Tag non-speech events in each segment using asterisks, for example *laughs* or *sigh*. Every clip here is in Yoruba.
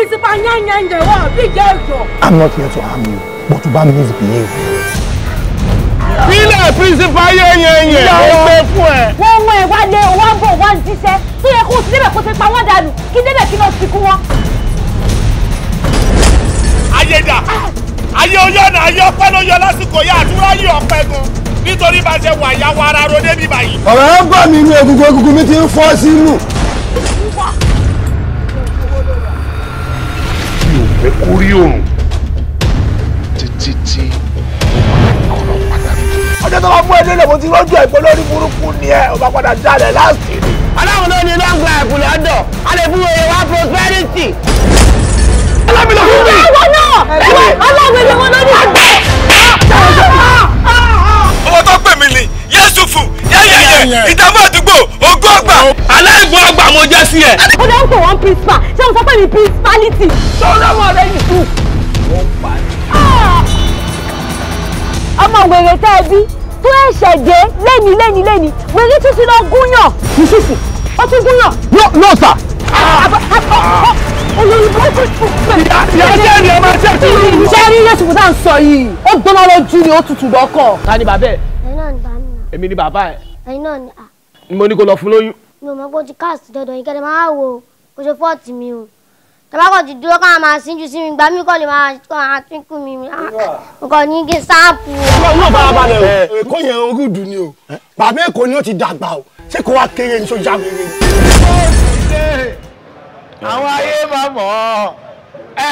principal yan yan yan wa bi je So I'm not here to harm you, but to ba misbehave. Bílẹ̀ principal yẹn yẹn yẹn ló gbé fún ẹ. Wọ́n wọ ẹ̀ wá lé wọ́n bọ̀ wọ́n ṣiṣẹ́ tó yẹ kó o ti débẹ̀ kó o ti pa wọ́n dànù kí débẹ̀ kí náà ti kú wọn. Ayédà, ayé oyọ́nà ayé ọpẹ́ ló yọ lásìkò yá àdúrà yìí ọpẹ́ gan nítorí bá ṣe wà yá wa ara ro débi báyìí. ọ̀rọ̀ ẹ̀ ń gbà mí inú egungun egungun mi ti ń fọ́ sínú. fẹ́ kó rí òrùn títí tí ó máa ń kọ́ lọ padà. ọjọ́ tó bá fún ẹ nílẹ̀ mo ti rọ́jò ẹ̀gbọ́n lórí burúkú ni ẹ ò bá padà jalè láti rí. ọlọ́run ló ní long life lọ́dọ̀ a lè fún èrè wa prosperity. ọlọ́run ló fún mi. ọlọ́run náà ọlọ́run ló ní wọn lórí fún yẹ́yẹ́yẹ́ ìdààmú àdúgbò ogún ọgbà. Oh. aláìgbọ́ ọgbà mo jẹ́ sí ẹ. ó lọ ń pè wọ́n principal ṣé mo sọ pé mi principality. tó lọ́wọ́ rẹ nìkú. Ah! ọmọ wèrè tẹ́ ẹ bí tó ẹ̀ṣẹ̀ dé lẹ́ni lẹ́ni lẹ́ni wèrè tún ti lọ gúnyàn nísinsìnyí ó tún gúnyàn. no sir. Ah! Ah! olórí burúkú pẹ̀lú. ìyá jẹ́ ẹni ẹ máa jẹ́ kí. ṣé rí yẹ́sùn fún tá à ń sọ yìí ó gbóná lójú ni ó tutù lọ́kọ̀. ta ni bàbá ẹ̀ èmi ni bàbá ẹ. ẹyin náà ni. ni mo ní kó lọ fún lóyún. mi ò mọ pé o ti káàsì dandan yìí kẹ́lẹ́ máa wo o ṣe fọ́ọ̀tì mi o tabakọ ti dúró káwọn máa síjú sí mi gbà mí kọ́ lè máa kọ́ àtúnkù mi nǹkan ní kí sáàpù. náà bá a balẹ̀ o èkó yẹn orí dùn ni o bàbá èkó ni ó ti dàgbà o ṣé kó wá kéré ní sójà wéré. àwọn ayé máa mọ̀ ọ́ ẹ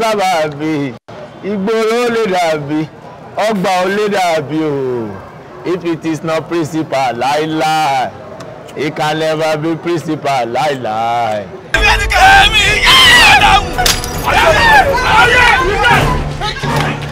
sábà bí ìgboro ó lè dàbí ọgbà ó lè dàbí o if it is not principal láíláí it can never be principal láíláí. ẹ̀mí ẹ̀dá wù. ọ̀rẹ́ mi ọ̀rẹ́ mi.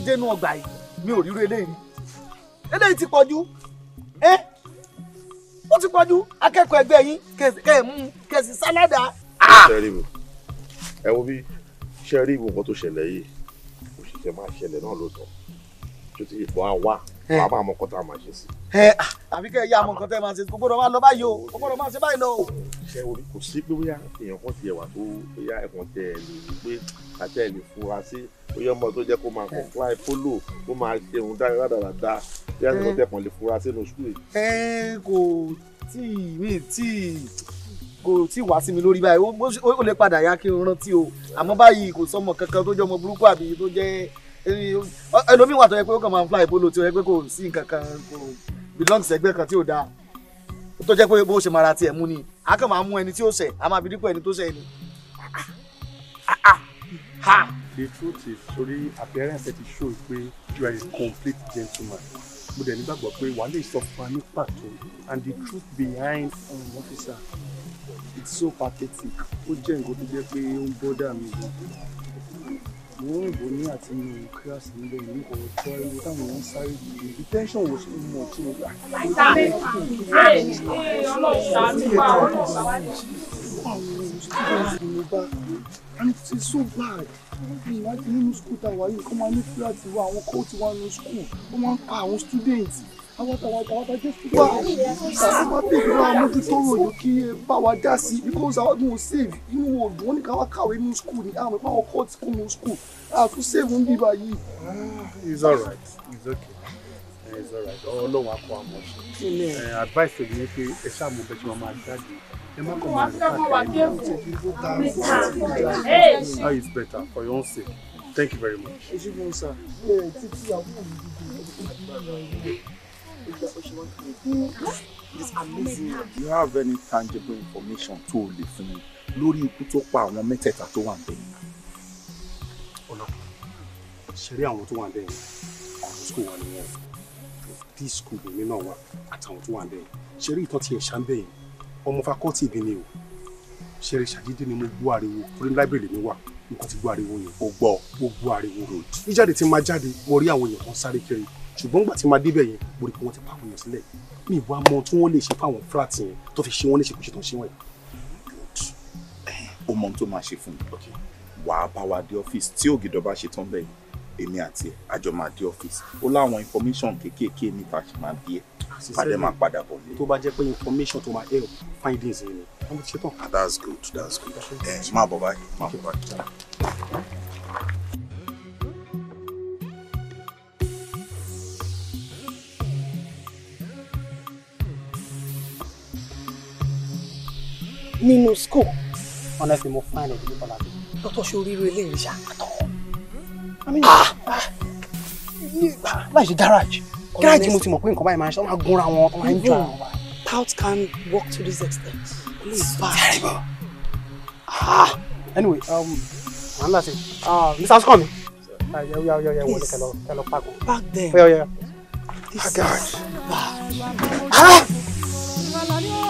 ti dénú ọgbà yìí mi ò ríro eléyìí eléyìí ti pọ̀jù ẹ́ ó ti pọ̀jù akẹ́kọ̀ọ́ ẹgbẹ́ yín kẹ̀ mú kẹ̀sì sáládà. sẹ́ríbù ah! ẹ wo bí sẹ́ríbù nǹkan tó ṣẹlẹ̀ yìí òṣìṣẹ́ máa ṣẹlẹ̀ náà lóòótọ́ tó ti ìbọn á wà wàá máa mọ nǹkan máa ṣe sí. ẹ àbí kẹ́ ẹ yá mọ nǹkan tẹ́ ẹ máa ṣe kó gbọ́dọ̀ máa lọ báyìí o kó gbọ́dọ̀ máa ṣe báyìí lọ àyíká tẹ́ ẹ̀ lè fura sí oyè ọmọ tó jẹ́ kó máa eh. comply follow kó máa ṣe ohun dáradára bí a ti lọ tẹ̀kàn lè fura sínú sùkúl yìí. ẹ eh, kò tí mi tí kò tí wá sí mi lórí báyìí ó lè padà yá kí n rántí o àmọ́ báyìí kò sọmọ kankan tó jẹ́ ọmọ burúkú àbí tó jẹ́ eh, ẹlòmíì wà tó yẹ pé ó kàn máa ń fly polo tí ó yẹ pé kò sí nǹkan kan kò belong sẹ́gbẹ́ kan tí ò dáa tó jẹ́ pé bó ṣe máa ra tiẹ̀ mú ni a kàn máa mú ẹni tí ó ṣẹ̀ a máa fi dípò ẹni tó ṣẹ̀ ni. Ah, ah, ah, Ha! The truth is, sorry, appearance that ti show pé you are a complete gentleman. But then you pé wà á lè sọ fún and the truth behind um, officer it's so pathetic. Ó jẹ́ nǹkan tó jẹ́ pé ó ń mo ń ní àti inú kíláàsì níbẹ̀ ní kò tọ́ ewu táwọn èèyàn sáré yìí ibi tẹ́ńsọ̀n wò sí mọ̀ tí mo gbà. àǹtí so bad nínú skul wáyé kó máa ní kíláàsì wa àwọn kóòtù wa nínú skul ó máa ń pa àwọn students àwọn tàwọn tàwọn tàwọn jésù wá ṣàkóso bíbí wa mójútó òjò kí ẹ bá wa dá sí i because àwọn ọdún ò save inú òdùn wọn ní ká wá kàwé inú school ní àwọn ìpáwọn court kún inú school àtún save ń bí báyìí. He's alright He's okay He's eh, alright ọlọ́run akọ àmọ́ ṣe eh, advice tèmi ni pé ẹ ṣáà mo bẹ tí wọ́n máa jáde ẹ má kàn máa rí káàkiri how is better for your own sake thank you very much. ẹ ṣe bí mo sà ẹ títí àwọn mi dìde. Oh do. you have any tangible information to o lè fún mi lórí ikú tó pa àwọn mẹ́tẹ̀ẹ̀ta tó wà níbẹ̀ yìí? Ọlọ́pàá ṣe rí àwọn tó wà níbẹ̀ yìí àwọn school wà nìyẹn d school mi náà wà àtàwọn tó wà níbẹ̀ yìí ṣe rí ìtàn tiẹ̀ ṣá ń bẹ̀ yìí ọmọ fakọ́tì ìbí ni o ṣe rí ṣàdédé ni mo gbọ́ ariwo torí láìbèrè mi wà nǹkan ti gbọ́ ariwo yẹn. o gbọ́ o gbọ́ ariwo. ìjáde ti máa jáde mo rí àwọn èèyàn kan sáré kiri ṣùgbọ́n nígbà tí máa débẹ̀ yẹn mo rí i pé wọ́n ti pa àwọn èèyàn sílẹ̀ mi ìwà mọ tí wọ́n lè ṣe fáwọn fúláàtì yẹn tó fi ṣe wọ́n lè ṣe kó ṣe tó ń ṣe wọ̀nyí. ó mọ ohun tó máa ṣe fún mi wà á bá wa dé ọ́fíìsì tí ògìdọ̀ bá ṣe tán bẹ́ẹ̀ èmi àti ẹ̀ àjọ máa dé ọ́fíìsì ó láwọn information kéékèèké nípa ṣe máa bí ẹ ah, padà máa padà bọ̀ lé. tó bá jẹ́ pé information tó máa help findings yẹn ni wọ́n ti ṣe tán. Ah, that's good that's good ẹ eh, máa bọ̀ báyìí máa bọ̀ báyìí. nínú school honestly mo find it difficult at all. ṣe oríire eléyìí ṣá àtọ. láì ṣe garage garage mo ti mọ̀ pé nǹkan báyìí máa ń ṣe máa gúnra wọn máa ń jọ àwọn wa. can work to this extent. please bad. terrible. ah anyway wàhálà um, sí uh, mr asukami. Yeah, yeah, yeah, yeah. Please. Hello, hello, back. back there. Yeah, yeah. This Is bad. Ah!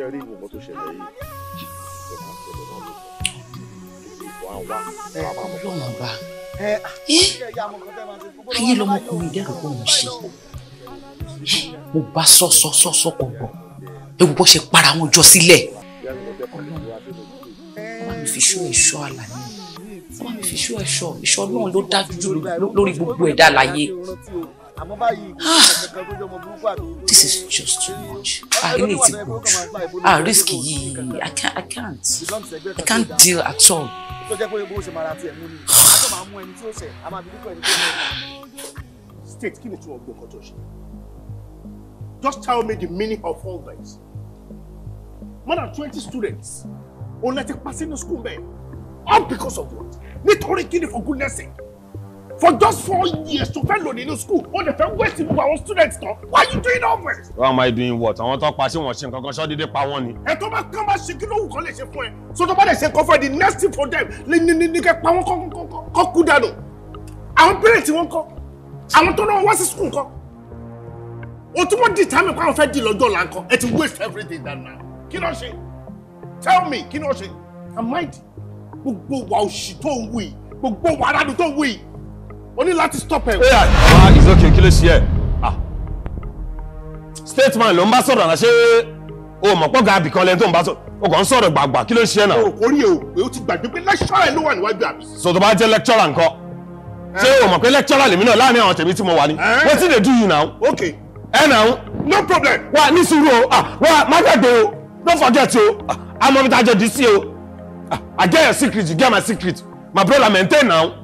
ṣe rí ìbùkún tó ṣẹlẹ̀ yìí ayé lọmọkùnrin dẹ́rù kò ń ṣe mo bá sọ kò gbọ́ ewu bó ṣe para wọn jọ sílẹ̀ ọlọ́run mi fi ṣó ẹ̀ṣọ́ àlàyé ọlọ́run mi fi ṣó ẹ̀ṣọ́ ìṣọ́ náà ló dájú lórí gbogbo ẹ̀dá àlàyé. Ah, this is just too much. Ah, need to go. jù. Ah, risk yìí, I can't, I can't, I can't deal at all. *sighs* Just tell me the meaning of all this. More than twenty students, òun láti pa the school bẹ́ẹ̀. All because of what? Nítorí kí ni for goodness sake? for just four years to fẹ́ lò nínú school wọ́n dẹ̀ fẹ́ waste gbogbo àwọn students kan why are you doing all this. why am I doing what àwọn tó pa sí wọn ṣe nǹkan kan ṣọ́dídé pa wọ́n ni. ẹ tó bá kán bá ṣe kí ló wù kán lè ṣe fún ẹ so tó bá lè ṣe kán fún ẹ the next thing for them lè ní ní ní kẹ pa wọn kọ́ kú dànù àwọn parents wọn kọ́ àwọn tó náà wá sí school kọ́ o tún wọ́n determine pé àwọn fẹ́ di lọ́jọ́ là ń kọ́ ẹ ti waste everything dànù náà kí ló ṣe tell me kí ló ṣe am I gbogbo wa òṣì tó ń wù yìí gbogbo wa aládùn tó ń wù yìí o ní láti stop ẹ. ọ̀rọ̀ ìzókè ah, kí ló ṣe ẹ̀ ah. statement ló ń bá sọ̀rọ̀ àná ṣé o mọ̀ pọ̀ ga abìkan lẹ́nu tó ń bá sọ̀rọ̀ o kàn ń sọ̀rọ̀ gbàgbà kí ló ṣe ẹ̀ náà. o orí o pé o ti gbàgbé pé lecturer ẹ ló wà níwájú àbí. so bá jẹ́ lecturer nǹkan ṣé o mọ̀ pé lecturer lèmi náà láàrin àwọn tèmi tí mo wà ní. Eh? wetin dey do you now. okay. ẹ eh, náà. no problem. wa ní sùúrù o ah, wa má gbàgbé o no forget o amọ̀ mi ta jẹ dc o i get your secret you get my secret my brother maintain now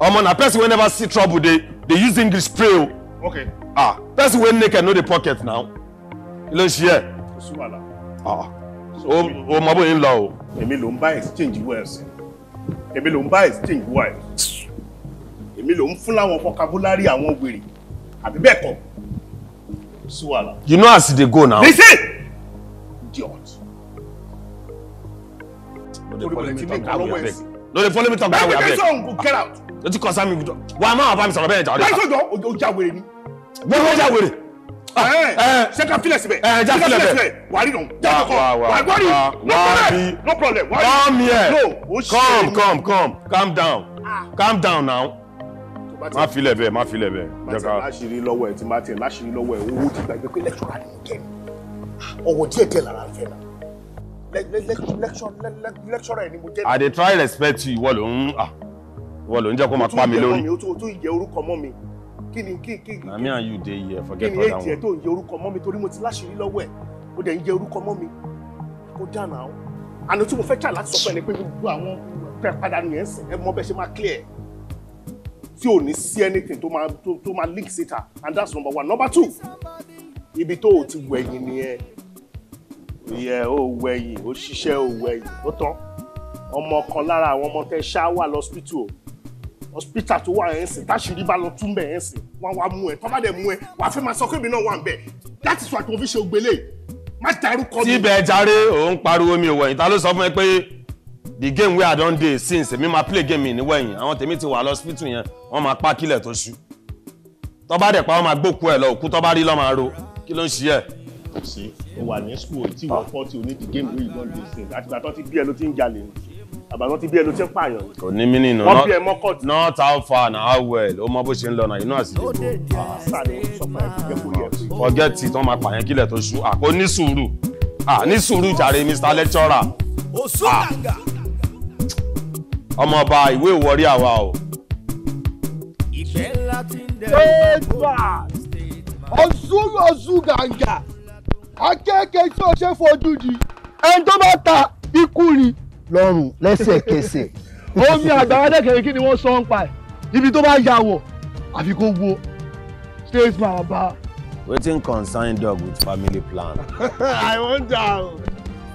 omo na person wey never see trouble dey dey use english pray o oh. okay. ah person wey naked no dey pocket now ló ń ṣe ah o mọ bóyá ń lọ o. èmi ló ń bá exchange words èmi ló ń bá exchange words èmi ló ń fún láwọn vocabulary àwọn wèrè àbí bẹ́ẹ̀ kọ́ sí wàhálà. you know as e dey go now. lis ten idiot. no dey follow me talk that way abeg. no dey follow me talk that way abeg. my education go get out o ti kọ sami gudọ wa máa wà bá mi sọ̀rọ̀ bẹ́ẹ̀ jàre. báyìí sọjọ o ja wèrè ni. wọ́n wọ́n ja wèrè. Ah, eh. ṣé ká filẹ̀ síbẹ̀. ẹ eh, ja filẹ̀ bẹ̀. wà á rí dùn. ja kọ wà á gbọ́dọ̀ wà á no problem wà á rí. come here No. come come come calm down ah. calm down now má filẹ̀ bẹ́ẹ̀ má filẹ̀ bẹ́ẹ̀. bàtà láṣìírí lọ́wọ́ ẹ̀ tí má tiẹ̀ láṣìírí lọ́wọ́ ẹ̀ owó ti gbàgbé pé lẹ́kṣọ̀rà ni kẹ́ ọwọ́ díẹ̀ díẹ̀ lára ń fẹ́ náà lẹ́kṣọ̀rà ẹ̀ ni mo jẹ́. i dey try respect you ìwọ ló ń. Ah wọ́n ló ń jẹ́ kó máa pa mi lórí. o tún ìjẹ orúkọ mọ́ mi kí ni kí kí kí ni tó ń jẹ orúkọ mọ́ mi torí mo ti láṣìírí lọ́wọ́ ẹ̀ ó dẹ̀ ń jẹ orúkọ mọ́ mi kó dànà o àná tí mo fẹ́ tà láti sọ pé ẹni pé gbogbo àwọn pẹ́ padànù yẹn sẹ̀ ẹ mọ bẹ́ẹ̀ ṣe máa clear tí ò ní sí anything tó máa tó máa link síta and that's number one number two ibi tó o ti wẹ̀yìn nìyẹn ìyẹ ò wẹ̀yìn ó ṣiṣẹ́ ò wẹ̀yìn ó tán ọmọ kan lára àwọn ọmọ tẹ ṣáá wà lọ́sítítù hospital tó wà ẹ̀ sìn táṣìírí bá lọ tún bẹ̀ ẹ̀ sìn wọn wá mú ẹ tó bá dẹ̀ mú ẹ wàá fẹ́ máa sọ pé èmi náà wà ń bẹ̀ láti sọ àtúnwò fi ṣe ògbélé má dárúkọ mi. síbẹ̀ jàre òun pariwo mi wẹ̀yìn ta ló sọ fún mi pé the game wey i don dey since èmi máa play game mi níwẹ̀yìn àwọn tèmi ti wà lọ hospital yẹn wọ́n máa pa kílẹ̀ tó ṣú tó bá dẹ̀ pa wọ́n máa gbókù ẹ̀ lọ òkú tó bá rí lọ́ máa ro kí ló ń ṣe ẹ̀ kò sí o wà ní school tí wọ́n fọ́ tí o the game wey you don dey sing àtìgbà tó ti bí ẹ ló ti ń jalè ni àbànú ti bí ẹnu tí ń pààyàn. kò ní mí nínú wọn bí ẹ mọ́kọ́ tí. not how far na how well ó mọ bó ṣe ń lọ náà inú àti ìdè kò. sáré sọpọ ẹ jẹ kó yẹ. ọjọ́ tí tán máa pààyàn kílẹ̀ tó ṣú àkó ní sùúrù ní sùúrù jàre mr lecturer. ọmọọba ìwé ìwọrí àwa o. ìgbẹ́ ńlá ti ń dẹ̀. ọ̀ṣun ọ̀ṣun gàǹgà akẹ́kẹ̀ẹ́ tí o ṣe fojú di ẹni tó bá ta ikú ni lọ́rùn lẹ́sẹ̀kẹsẹ̀. omi àgbàrá dẹ́kẹ̀rẹ́ kí ni wọ́n sọ ń pa ẹ̀ ibi tó bá yà wọ̀ àfi kó wo statesman ọba. wetin concern dog with family plan. *laughs* i wonder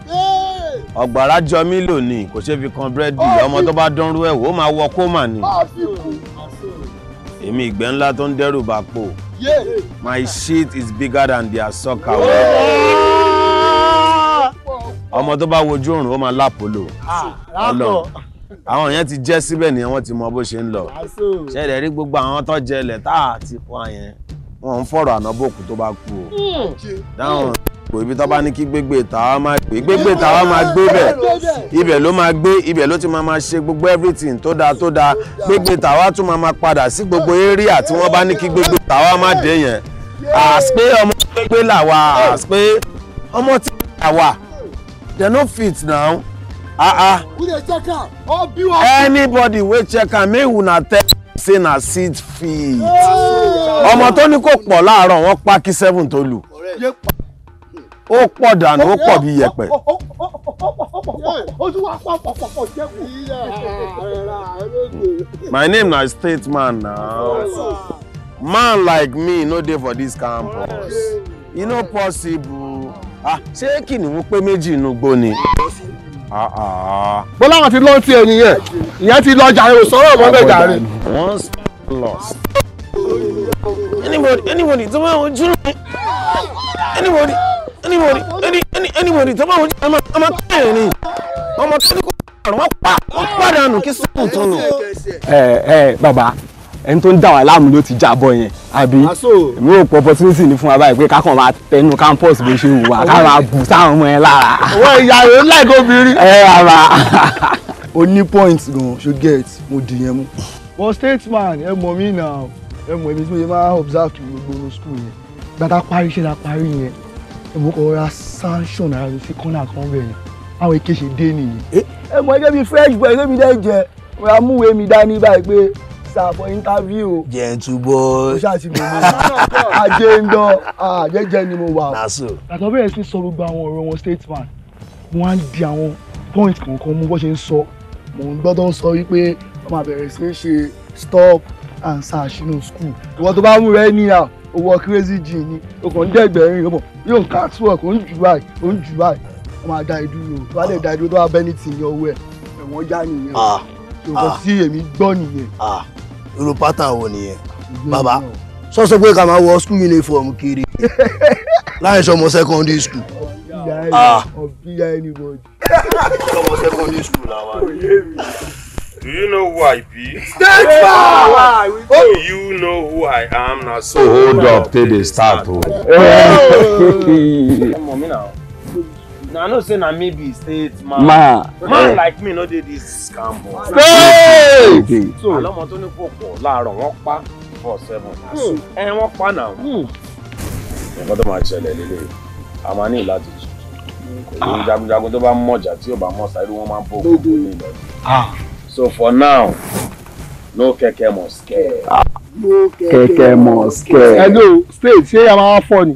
o. ọ̀gbàrá jọ mí lónìí kò ṣe fi kan búrẹ́dì ọmọ tó bá dánrú ẹ̀ wò ó máa wọ kómà ni. èmi ìgbẹ́ ńlá tó ń dẹ́rù bá pò. my shit is bigger than their soccer ọmọ tó bá wojú òrùn ó máa ah, lápòlò Ọlọ́run àwọn yẹn ti jẹ́ síbẹ̀ ni wọ́n ti mọ bó ṣe ń lọ ṣẹlẹ̀ rí gbogbo àwọn tó jẹ ilẹ̀ tá a ti pa yẹn wọn ń fọ̀rọ̀ ànábòkú tó bá kú o hmm. dáhùn kò ibi tó bá ní kí gbégbé tàwa máa gbé gbégbé tàwa máa gbé bẹ̀ ibẹ̀ ló máa gbé ibẹ̀ ló ti máa máa ṣe gbogbo everything tó dáa tó dáa gbégbé tàwa tún máa máa padà sí gbogbo area tí wọ́n bá ní kí gbégbé tàwa máa dé yẹn àṣpé ọmọ gbégbé làwa àṣpé ọmọ tí làwa dem no fit now ah ah who anybody wey check am make una tell say na six feet ọmọ tó ní kò pọ̀ láàárọ̀ wọ́n pa seven tó lù ó pọ̀ dànù ó pọ̀ bí yẹpẹ̀. my name na state man now man like me no dey for dis campus e no possible. Ah, ṣé kìnìún pé méjì inú gbó ni. Ah, ah. bó láwọn ti lọ sí ẹyin yẹn ìyẹn ti lọ jàre ò sọ̀rọ̀ ọmọ bẹ́ẹ̀ jàre. once lost. anybody anybody tó bá wọn jùlọ mi anybody anybody any anybody tó bá wọn jùlọ mi ọmọ kẹrin ni ọmọ kẹrin kò wọ́n pa wọ́n pàdánù kí sọ́kùn tó nù. ẹ ẹ bàbá ẹni tó ń dà wá láàmú ló ti jábọ̀ yẹn àbí ah, èmi ò pọ opportunity ní fún wa báyìí pé kákan máa tẹnu campus bó ṣe wù wá ká máa bù sáwọn ọmọ yẹn lára. ọwọ́ ìyá rẹ̀ ń láìkó obìnrin. ẹ àmà. o *laughs* ní point gan ṣo get mo dì yẹn mú. but statesman ẹ mọ̀ mí náà ẹ mọ̀ ibi tí mo yẹ máa observe kí gbogbo ní school yẹn gbàtà parí iṣẹ́ la parí yẹn èmi kò ra sanction ara mi sí kọ́nà kan bẹ̀ yẹn àwọn èké ṣe dé nìyẹn. Eh? ẹ mọ̀ gẹ́gẹ́ bí fresh boy lómi dẹ́ jẹ́ mo ra mi dání báyìí pé sir for interview. jẹ túbọ. mo ṣàtìmọ̀ mi ajé ń dán àjẹjẹ ni mo wà. naso. àtọ́ bẹ̀rẹ̀ sí sọ gbogbo àwọn ọ̀rọ̀ wọn statement wọ́n á di àwọn point kankan mú bó ṣe ń sọ mò ń gbọ́dọ̀ sọ wípé wọ́n máa bẹ̀rẹ̀ sí ṣe stop and search inú school ìwọ tó bá mú rẹ níyà owó crazy jean ni o kàn ń dẹ́gbẹ̀rin yóò mọ̀ yóò ń catwalk ó ń jù báyìí ó ń jù báyìí wọ́n máa da ìdúró tó bá lè da ìdúró tó bá bẹ́ẹ̀ ní tì ní ọwọ́ ẹ̀ ẹ̀wọ̀n já nìyẹn ah. o kò ah. sí èmi gbọ́ nìyẹn. Ah irú pátá wo nìyẹn mm-hmm. bàbá sọ pé ká máa wọ school uniform kiri *laughs* láì sọmọ secondary school. Ah. Do you know who I be? Stand far! Do you know who I am now? So hold up till they start. Come on, me now na i know say na me be state man man, man eh. like me no dey this scam o. state so àlọ́mọ tó ní kò pọ̀ láàárọ̀ wọ́n pa four seven hmm. ẹ wọ́n pa náà. Hmm. nǹkan tó máa ṣẹlẹ̀ lélẹ̀ a Amani, ní láti ah. èyí jagunjagun tó bá mọ̀jà tí ò bá mọ̀ sáré wọ́n máa ń bọ̀ ah. so for now no kẹ̀kẹ́ mọ̀ scare. Ah. no kẹ̀kẹ́ mọ̀ scare. ẹ̀dùn state ṣé a máa funny.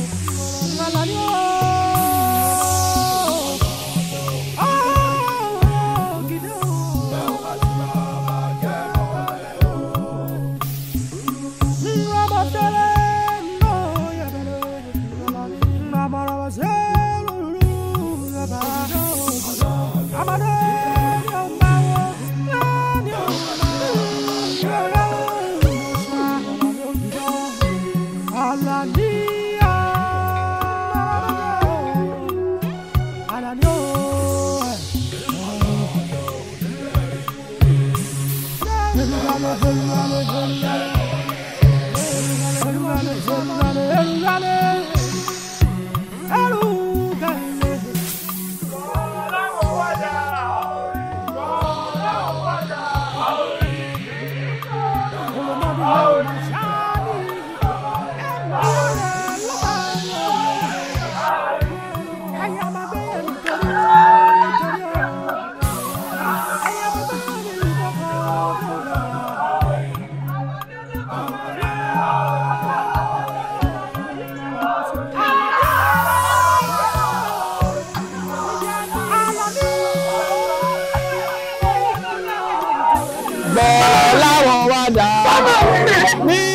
Come on, me.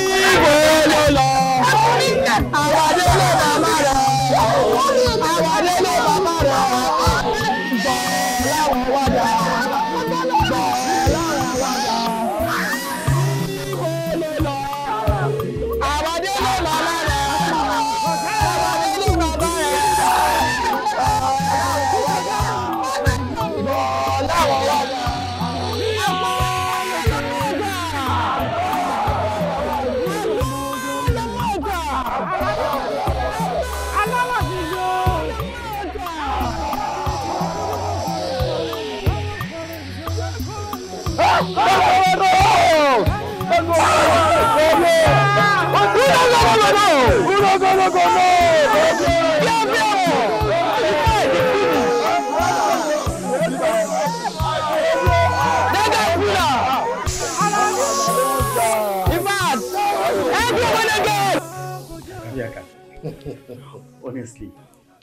honestly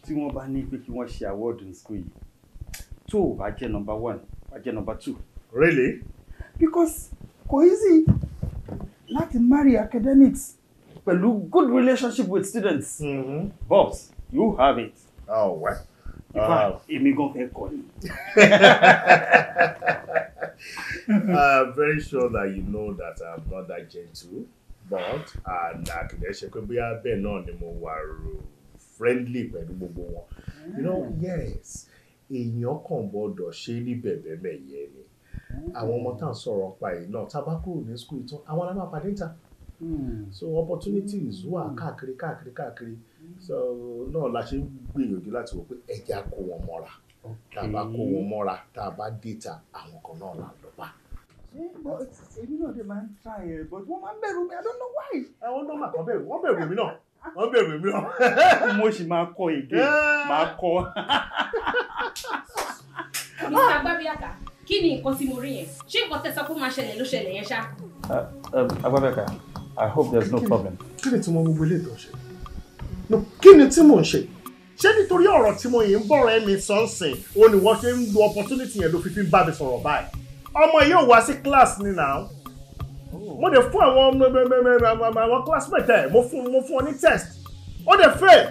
tí wọ́n bá ní pé kí wọ́n ṣe award in school yìí tó o bá jẹ́ number one wàá jẹ́ number two. really. because kò easy láti marry academics pẹ̀lú good relationship with students. Mm-hmm. Boss, you have it. Oh, well. Ìfà uh, èmi gan fẹ́ kọ ni. am *laughs* very sure that you know that I am not that gentle, but àkìlẹ̀ṣẹ̀ pé bóyá bẹ́ẹ̀ náà ni mo wà friendly pẹ̀lú gbogbo wọn. You know, mm. yes, èèyàn kàn gbọ́dọ̀ ṣe ní bẹ̀bẹ̀ mẹ̀yẹ ni. Mm. Àwọn ọmọ tá à ń sọ̀rọ̀ pa yìí náà tá a bá kúrò ní school ìtàn, àwọn alábàápàdé ń ta. Hmm. so opportunities wà hmm. káàkiri káàkiri káàkiri so náà la ṣe ń gbìyànjú láti wò pé ẹja kó wọn mọ́ra tá a bá kó wọn mọ́ra tá a bá déta àwọn kan náà là ń lọ bá. èmi náà dé máa ń tà ẹ but wọn máa ń bẹ̀rù mi i don't know why. àwọn ah, nọ́mbà kan bẹ̀rù wọn bẹ̀rù èmi náà wọn bẹ̀rù èmi náà. *laughs* mo sì máa kọ èdè eh. máa kọ. *laughs* mr gbabiaka kí ni nǹkan tí mo rí yẹn ṣé nǹkan tẹsán kó máa ṣẹlẹ̀ ló ṣẹlẹ̀ yẹn ṣá. Eh, eh, agbábẹ́ka I hope there's no problem. Kí ni tí mo gbogbo ilé ìtàn ṣe? No, kí ni tí mò ń ṣe? Ṣé nítorí ọ̀rọ̀ tí mo yìí ń bọ̀rọ̀ ẹ̀mí sọ́ọ̀sìn o ni wọ́n ṣe ń lo opportunity yẹn ló fi fi ń bá mi sọ̀rọ̀ báyìí? Ọmọ yìí ò wá sí class ni now. Mo dẹ̀ fún àwọn àwọn classmate ẹ̀, mo fún mo fún ọ ní test. Ó dẹ̀ fail.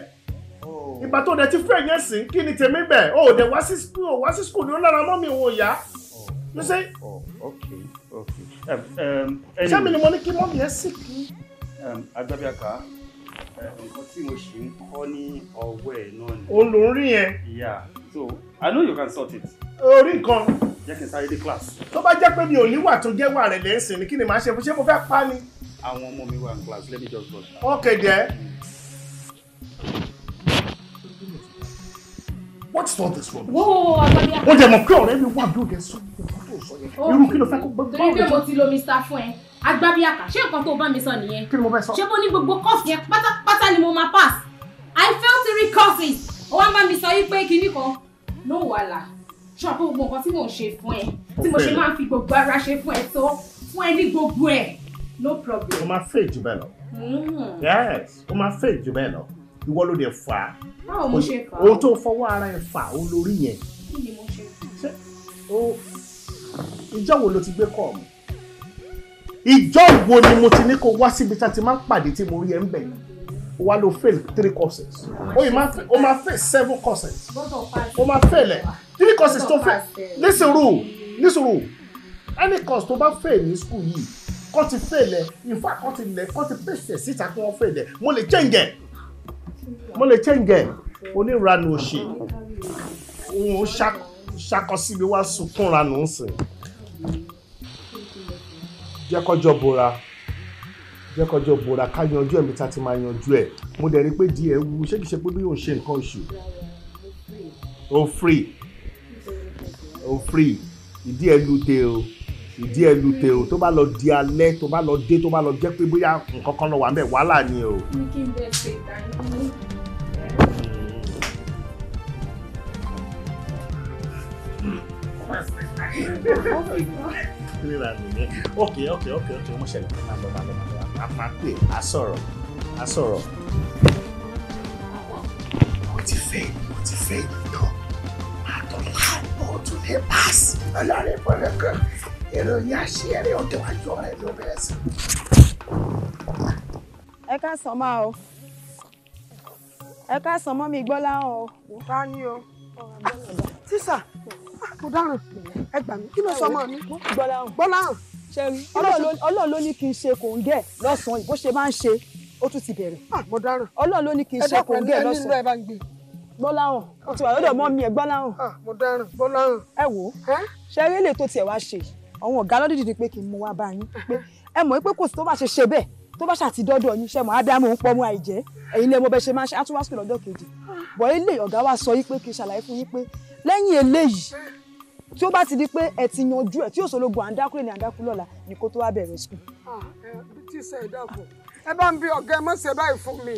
Oh. Ìgbà tó dẹ̀ ti fail yẹn sí, kí ni tèmi bẹ̀? O ò dẹ̀ wá sí school, wá school ni ó lára mọ́ mi òun ò yá. Oh. You see? Oh, okay, okay sẹ́mi ni mo ní kí mọ́mí ẹ sì kí. Um, agbábíàká eh, nǹkan tí mo ṣì ń kọ́ ní ọwọ́ ẹ̀ náà ni. òun ló ń rí yẹn. yeah so i know you can sort it. orí kan. jẹ́ kí n sáré dé class. tó bá jẹ́ pé mi ò níwà tó jẹ́ wà rẹ̀ lẹ́sìn ni kí ni màá ṣe fún ṣé mo fẹ́ pa ni. àwọn ọmọ mi wà ní class let me just go. okay there. Mm -hmm. what is all this rubbish. Whoa! wo ọlọ́dẹ. o jẹ mọ pé ọ̀rẹ́ mi wà bí o jẹ sọ nǹkan tó sọ yẹn irú kí ló fẹ́ a gbọ́. torí pé mo ti lo mr fún ẹ agbábíàkà ṣé nǹkan tó bá mi sọ nìyẹn. kí ni mo sọ. ṣé mo ní gbogbo course yẹn pátápátá ni mo máa pass i fail three courses ó wá ń bá mi sọ yí pé kinní kan no wàhálà ṣé àpò gbogbo nǹkan tí mò ń ṣe fún ẹ tí mo ṣe máa ń fi gbogbo ara ṣe fún ẹ tó fún ẹ ní gbogbo ẹ no problem. o máa fail jù bẹ́ẹ̀ lọ. Mm-hmm. yes o máa fail jù bẹ́ẹ̀ lọ ìwọ ló dẹ̀ fà á. báwo mo ṣe fà á. ohun tó fọwọ́ ara ẹ fà ó lórí yẹn. kí ni mo ṣe fà á. ṣé o ìjọ wo ló ti gbé kọ́ mi ìjọ wo ni mo ti ní kó wá síbi tá a ti máa ń pàdé tí mo rí ẹ ń bẹ̀ yẹn o wa lo fail three courses o ma o ma fail seven courses o ma fail ẹ three courses tó fail nísìrò nísìrò any course tó bá fail ní school yìí kọ́ ti fail ẹ in fact kọ́ ti lẹ̀ kọ́ ti pèsè síta kí wọ́n fail ẹ mo lè change ẹ mo lè change ẹ̀ oníranu òṣì òun ṣakọ síbi wá sunkún ranù ń sìn jẹ́ kọjọ́ bora jẹ́ kọjọ́ bora ká yanjú ẹ̀mí tá ti máa yanjú ẹ̀ mo dẹ̀ rí pé díẹ̀ wu ṣé kìí ṣe pé bí yóò ṣe nǹkan oṣù o free o free ìdí ẹ̀ lute o ìdí ẹ lute o tó bá lọ di alẹ́ tó bá lọ dé tó bá lọ jẹ́ pé bóyá nǹkan kan lọ wà ńbẹ̀ wàhálà ni o. ok ok ok ok mo ṣẹlẹ̀ máa lọ máa lọ máa lọ máa pè á sọ̀rọ̀ á sọ̀rọ̀ mo ti fẹ́ mo ti fẹ́ ìtàn àtọ̀ láàbọ̀ papers ọlọ́rin pọ̀lọ́kọ́ ìròyìn àṣírí òde wájú ọ̀rẹ́ ló bẹ̀rẹ̀ sí. ẹ ká sàn máa o ẹ ká sàn mọ́ mi gbọ́ láwọn o. ta ni o. sísà mo dáràn ẹ gbà mí kí ló sọ ọmọ mi. gbọ́ láwọn. gbọ́ láwọn. ọlọ́run ló ní kí n ṣe kòńgẹ́ lọ́sàn-án bó ṣe máa ń ṣe ó tún ti bẹ̀rẹ̀. Ah, mo dáràn. ọlọ́run ló ní kí n ṣe kòńgẹ́ lọ́sàn-án. ẹ dákun ẹ nílò ẹ bá ń gbé gbọ́láhàn ó ti wà lọ́dọ̀ mọ́ mi ẹ̀ gbọ́láhàn. Ah, mo dáràn gbọ́láhàn. ẹ wo ṣe eré lè tó tiẹ̀ wá ṣe àwọn ọ̀gá lọ́dídì ni pé kí n mú wá bá yín pé ẹ mọ̀ pé kò sí tó bá ṣe ṣe bẹ́ẹ̀ tó bá ṣàti dọ́dọ̀ yín ṣe mọ̀ ádámù ń pọ́nmú àìjẹ́ ẹ̀yin lè mọ bẹ́ẹ̀ ṣe máa ṣe átúwásùn lọ́dọ̀ kejì bọ̀ ilé ọ̀gá wa sọ yí pé kí n ṣàlàyé fún yín pé lẹ́yìn eléyìí tí ó bá ti di pé ẹ ti yanjú ẹ tí yóò sọlógun àǹdákú ní àǹdákú lọ́la ní kó tó wá bẹ̀rẹ̀ sùn. Ah, ẹ bá ń bí ọ̀gá ẹ mọ̀ ṣe báyìí fún mi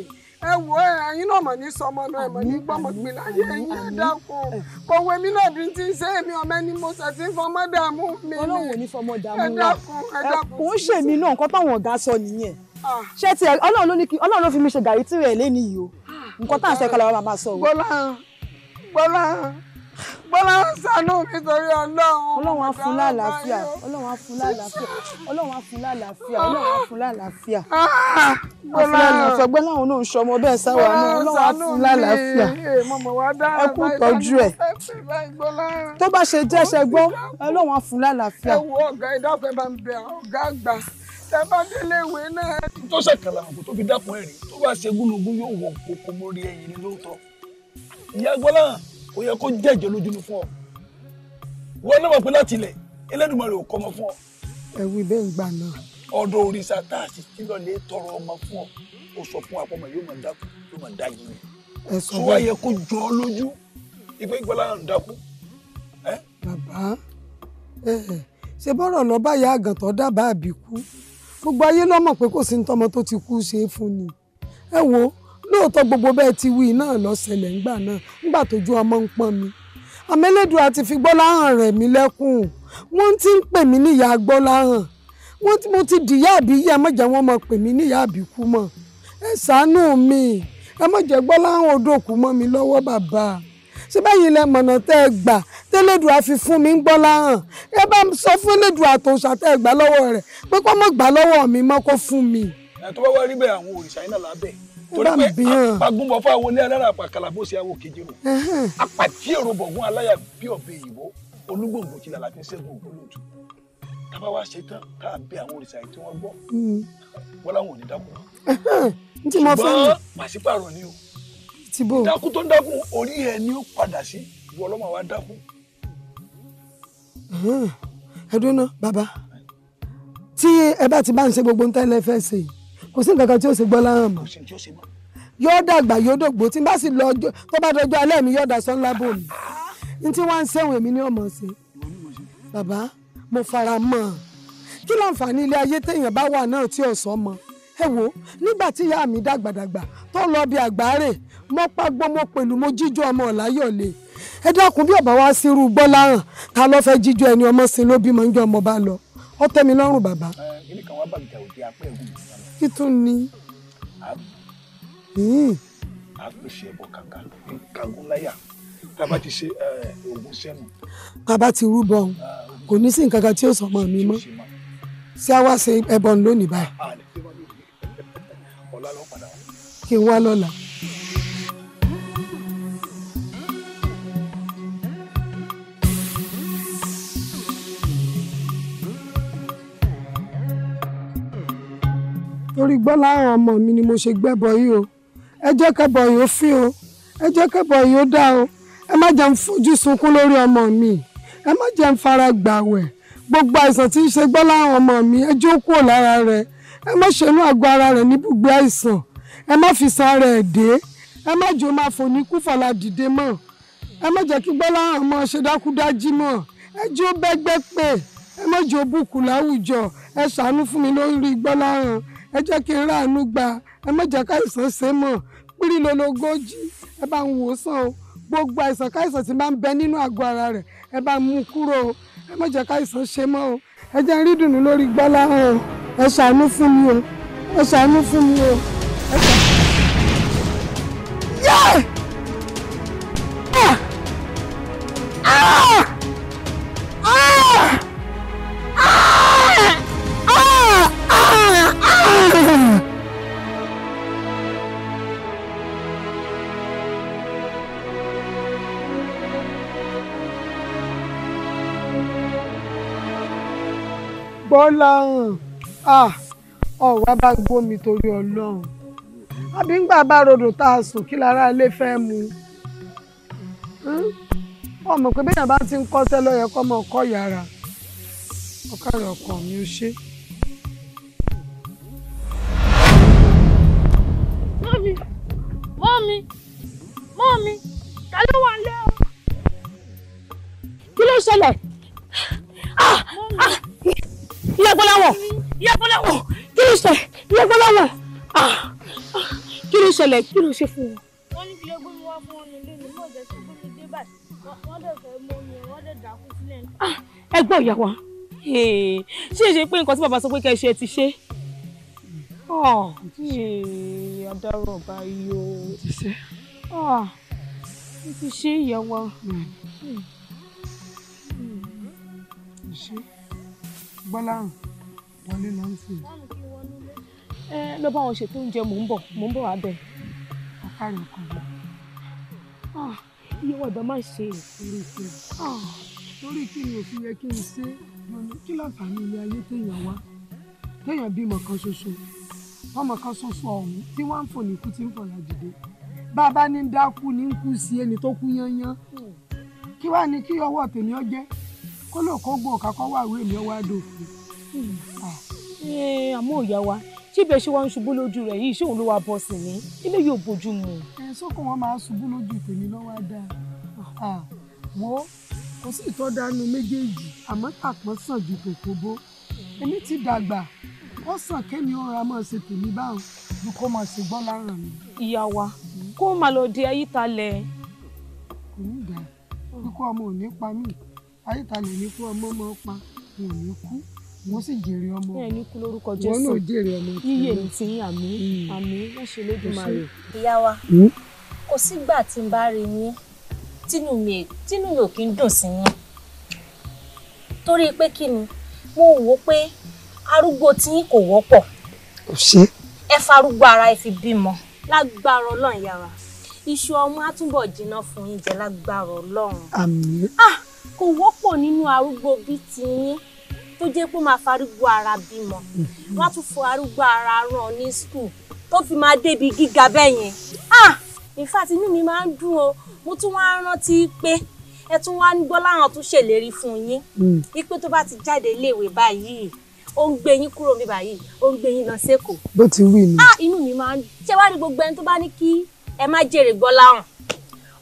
ẹ wò ẹ ẹyin náà mọ̀ ní sọmọ náà ẹ mọ̀ ní gbọ́mọgbìn láyé ẹyin ẹ dákun kòwé mi náà bí n ti ṣe èmi ọmọ ẹni mo ṣe ti fọmọ dààmú mi ni Ọlọ́run ò ní fọmọ dààmú rẹ ẹ dákun ẹ dákun kò ń ṣèmi náà nǹkan táwọn ọ̀gá sọ nìyẹn ah. ṣé ti Ọlọ́run ló ní kí Ọlọ́run ló fi mi ṣe gàrí tí rẹ̀ lé o ah, nǹkan tá à ń sọ ìkọlà wa máa sọ o. Gbọ́lá Gbọ́lá Bọ́lá ń ṣàánú mi torí Ọlọ́run. Ọlọ́run á fún lálàáfíà. Ọlọ́run á fún lálàáfíà. Ọlọ́run á fún lálàáfíà. Ọlọ́run ah, á fún lálàáfíà. Bọ́lá ọ̀sọ̀gbẹ́ láwọn náà ń ṣọmọ bẹ́ẹ̀ sáwà náà. Ọlọ́run á fún lálàáfíà. Ẹ kú ìtọ́jú ẹ̀. Tó bá ṣe jẹ́ ṣe gbọ́, Ọlọ́run á fún lálàáfíà. Ẹ wo ọ̀gá ìdáfẹ́ bá ń bẹ ọ̀gá àgbà. Ẹ bá náà. Tó ṣèkàlà àpò tó fi dákun ẹ̀rín, tó bá ṣe gúnugún yóò wọ òkú mórí ẹ̀yìn ní lóòótọ́. Ìyá Gbọ́lá ó yẹ kó jẹ́jọ́ lójúlu fún ọ wọn náà mọ̀ pé láti ilẹ̀ Elédùmarè ò kọ́ ọmọ fún ọ. ẹ wí bẹ́ẹ̀ ìgbà náà. ọ̀dọ̀ òrìṣà tá a sì ti lọ lè tọrọ ọmọ fún ọ o sọ fún wa pọ́nmọ yóò máa dákú yóò máa dá yìí. ẹ sọ bẹ́ẹ̀ sọ wa yẹ kó jọ ọ lójú ìgbẹ́ ìgbàlá náà dákú. bàbá ṣe bọ́rọ̀ lọ báyà àgàn tó dábàá àbíkú gbogbo ayé lọ́mọ̀ pé kò sí ní tọmọ tó ti kú ṣe é fún ni ẹ wo lóòótọ́ gbogbo bẹ́ẹ̀ ti wí náà ló ṣẹlẹ̀ ńgbà náà ńgbà tójú ọmọ ń pọ́n mi àmẹ́lẹ́dùn àti fi gbọ́láhàn rẹ̀ mí lẹ́kùn wọ́n ti ń pè mí níyà gbọ́láhàn wọ́n ti mo ti dìyà àbí yẹ má jẹ́ wọ́n máa pè mí níyà àbí kú mọ́ ẹ ṣàánú mi ẹ má jẹ́ gbọ́láhàn odòkú mọ́ mi lọ́wọ́ bàbá ṣé báyìí lẹ mọ̀nà tẹ́ ẹ gbà tẹ́lẹ̀dùn àfi fún mi ń gbọ́láhàn ẹ bá sọ fún ẹlẹ́dùn àtòṣà tẹ́ ẹ gbà lọ́wọ́ rẹ̀ pé kó má gbà lọ́wọ́ mi mọ́ kó fún mi. ẹ tó bá wá rí bẹ́ẹ̀ àwọn òrìṣà iná lábẹ́ torí pé apagunbọ fún àwọn ẹlẹ́rẹ́ àpàkàlà bó ṣe àwọn kejì rò àpàtì èrò bọ̀gún aláyà bí ọ̀bẹ ìyìnbó olúgbòǹgbò ti làlàfi ṣẹ́gun ògbólóòtú tábà wá ṣe tán tá a bẹ àwọn òrìṣà yìí tí wọ́n gbọ́ hmm. wọ́n láwọn ò ní dákú. ṣùgbọ́n pàṣípààrọ̀ ni o dákú tó ń dákú orí ẹ ni ó padà sí ìwọ ọlọ́mọ wa dákú. ẹ dúró ná bàbá tí ẹ bá ti bá ń ṣe gbogbo ń tẹ́lẹ̀ fẹ́ ṣe kò sí nǹkan kan tí ó ṣe gbọ́ láhàn mọ́ yóò dàgbà yóò dògbò tí n bá sì lọ tó bá dọjọ́ alẹ́ mi yóò dasọ ńlá bò mí n tí wọ́n ń sẹ́wọ̀n èmi ní ọmọ ṣe bàbá mo fara mọ́ ọ kí láǹfààní ilé ayé téèyàn bá wà náà tí ò sọ mọ ẹ wo nígbà tí ìyá mi dàgbàdàgbà tó lọ bí àgbáre mo pagbó mo pẹ̀lú mo jíjó ọmọ ọ̀láyọ̀lẹ̀ ẹ dákun bí ọ̀bà wá sí irú gbọ́ láhàn ta ló fẹ́ jíjó ẹni ọmọ sí ló bímọ ń jọ ọmọ bá lọ ọ tẹ́ lọ́rùn bàbá. ẹ ilé kan wá bàgìjà òde apẹ́ ìwúwo kí tún ni. Hmm. a tún ṣe ẹbọ kàkà nǹkan láyà tába ti ṣe oògùn sẹ́nu. tába ti rúbọ kò ní sí nǹkan kan tí ó sọmọ mi mọ́ ṣé a wá ṣe ẹbọ lónìí báyìí. kí n wá lọ́la. torí gbọ́ láwọn ọmọ mi ni mo ṣe gbẹ́bọ yìí o ẹ jẹ́ kẹ́bọ yìí ó fín o ẹ jẹ́ kẹ́bọ yìí ó dá o ẹ má jẹ́ ń fojú sunkún lórí ọmọ mi ẹ má jẹ́ ń fara gbàwẹ̀ gbogbo àìsàn tí ń ṣe gbọ́ láwọn ọmọ mi ẹ jó kúrò lára rẹ ẹ má ṣenú àgọ́ ara rẹ níbùgbé àìsàn ẹ má fi san ara dé ẹ má jò máa fò ní kúfọ̀lá dìde mọ́ ẹ má jẹ́ kí gbọ́ láwọn ọmọ ṣe dákúdájí mọ́ ẹ jó bẹ́gbẹ́ pè ẹ má jò bùkù láwùjọ ẹ ṣàánú fún mi lórí gbọ́ láwọn ẹ jẹ́ kí n ráàánú gbà ẹ má jẹ́ káìsàn ṣe mọ̀ pírílólógójì ẹ bá ń wò ó sàn o gbogbo àìsàn káìsàn tí bá ń bẹ nínú àgọ́ ara rẹ̀ ẹ bá mú kúrò o ẹ má káìsàn ṣe mọ́ o ẹ jẹ́ rí dùnú lórí gbọ́lá o ẹ ṣàánú fún mi o ẹ ṣàánú fún mi o ẹ ṣàánú. Ah! Ah! Ah! gbọ́láhàn ah, ọ̀wá bá gbómi torí ọlọ́run àbí ńgbà bá rodò tá a sùn kí lára ilé fẹ́ mu ọmọ hmm? pé bẹ́ẹ̀ bá ti ń kọ́ṣẹ́ lọ́yẹ kọ́ mọ ọkọ yàrá ọkàrẹ̀ ọkàn mi ò ṣe. mọ́mi mọ́mi mọ́mi ta ló wà lẹ́ o. kí ló ṣẹlẹ̀? Ah, ah, ìyá gbọ́láwọ̀ ìyá gbọ́láwọ̀ kí ló ṣe ìyá gbọ́láwọ̀ ah. kí ló ṣẹlẹ̀ kí ló ṣe fún wọn. wọ́n ní kí ló gbé mi wá fún wọn nílé mi mọ̀ jẹ́ sí gómìn dé báyìí wọ́n dẹ̀ fẹ́ mọ mi wọ́n dẹ̀ dákú sílẹ̀. Ah, ẹ gbọ́ ìyá wa ṣé èṣe pé nǹkan tí bàbá sọ pé kẹ́ ṣe ti ṣe. adarọ̀ ah, báyìí o ti ṣe ìyá wa. Hmm. Hmm. ṣe. Gbọ́láhùn wọlé lọ sí i. ẹ lọ bá wọn ṣètò oúnjẹ mò ń bọ̀ mò ń bọ̀ wá bẹ̀. àkàrà ọkọ mi. Ah, iye wọ̀dọ̀ má ṣe ìṣòro ìṣòro. torí kí ni òfin ah, yẹ kí n ṣe kí láǹfààní ilé ayé téèyàn wá téèyàn bímọ kan ṣoṣo ọmọ kan ṣoṣo ọ̀hún tí wọ́n ń fò ní ikú tí ń fọ̀lá dìde bàbá ní dákú ní kú sí ẹni tó kú yányán kí wàá ní kí ọwọ́ tèmi ọ jẹ́ kó lò kó gbò ká kọ́ wà wí èmi ọwọ́ àdòfin. Hmm. Ah. Eh, àmọ́ ìyá wa tí ibẹ̀ ṣe wá ń ṣubú lójú rẹ̀ yìí ṣé òun ló wá bọ́ sí ni ilé yóò bójú mu. ẹ eh, sókò wọn máa ṣubú lójú tèmi lọ́wọ́ á dáa ah, wo kò sí ìtọ́dánú méjèèjì àmọ́ tàpọ́n sàn ju tòkóbó èmi ti dàgbà ó sàn kémi ó ra mọ́ ṣe tèmi báwọn ju kó máa ṣe gbọ́ láràn mi. ìyá wa kó máa lọ di ayítalẹ̀. kò ní ìdá ikú ọmọ ò ní pa mí ayíkalẹ̀ ní kú ọmọ ọmọ pa wọn ò ní kú wọn sì jèrè ọmọ ẹ ní kú lórúkọ jésù wọn náà jèrè ọmọ yíyẹ ní ti yín àmì àmì wọn ṣe lódùmarè. ìyá wa hmm? kò sígbà tí n bá rí yín tínú mi tínú mi ò kí ń dùn sí yín torí pé kí ni mo wò ó pé arúgbó tí yín kò wọ́pọ̀ ẹ farúgbó ara ẹ fi bímọ lágbára ọlọ́run yàrá iṣu ọmọ á jiná fún yín jẹ lágbára ọlọ́run. àmín. ah kò wọ́pọ̀ nínú arúgbó bíi tiyín tó jẹ́ pé máa farúgbó ara bímọ hmm. wọ́n á tún fọ arúgbó ara ràn ní skul tó fi máa débi gíga bẹ́ẹ̀ yẹn ah in fact inú mi máa ń dùn o mo tún wá rántí pé ẹ tún wá ń gbọ́ láwọn tún ṣèlérí fún yín hmm. wípé tó bá ti jáde iléèwé báyìí ó ń gbé yín kúrò mi báyìí ó ń gbé yín lọ sẹ́kọ̀ọ́. bó ti wí ni. Ah! inú mi máa ń ṣé wá ní gbogbo ẹni tó bá ní kí ẹ má jèrè gbọ́ láwọn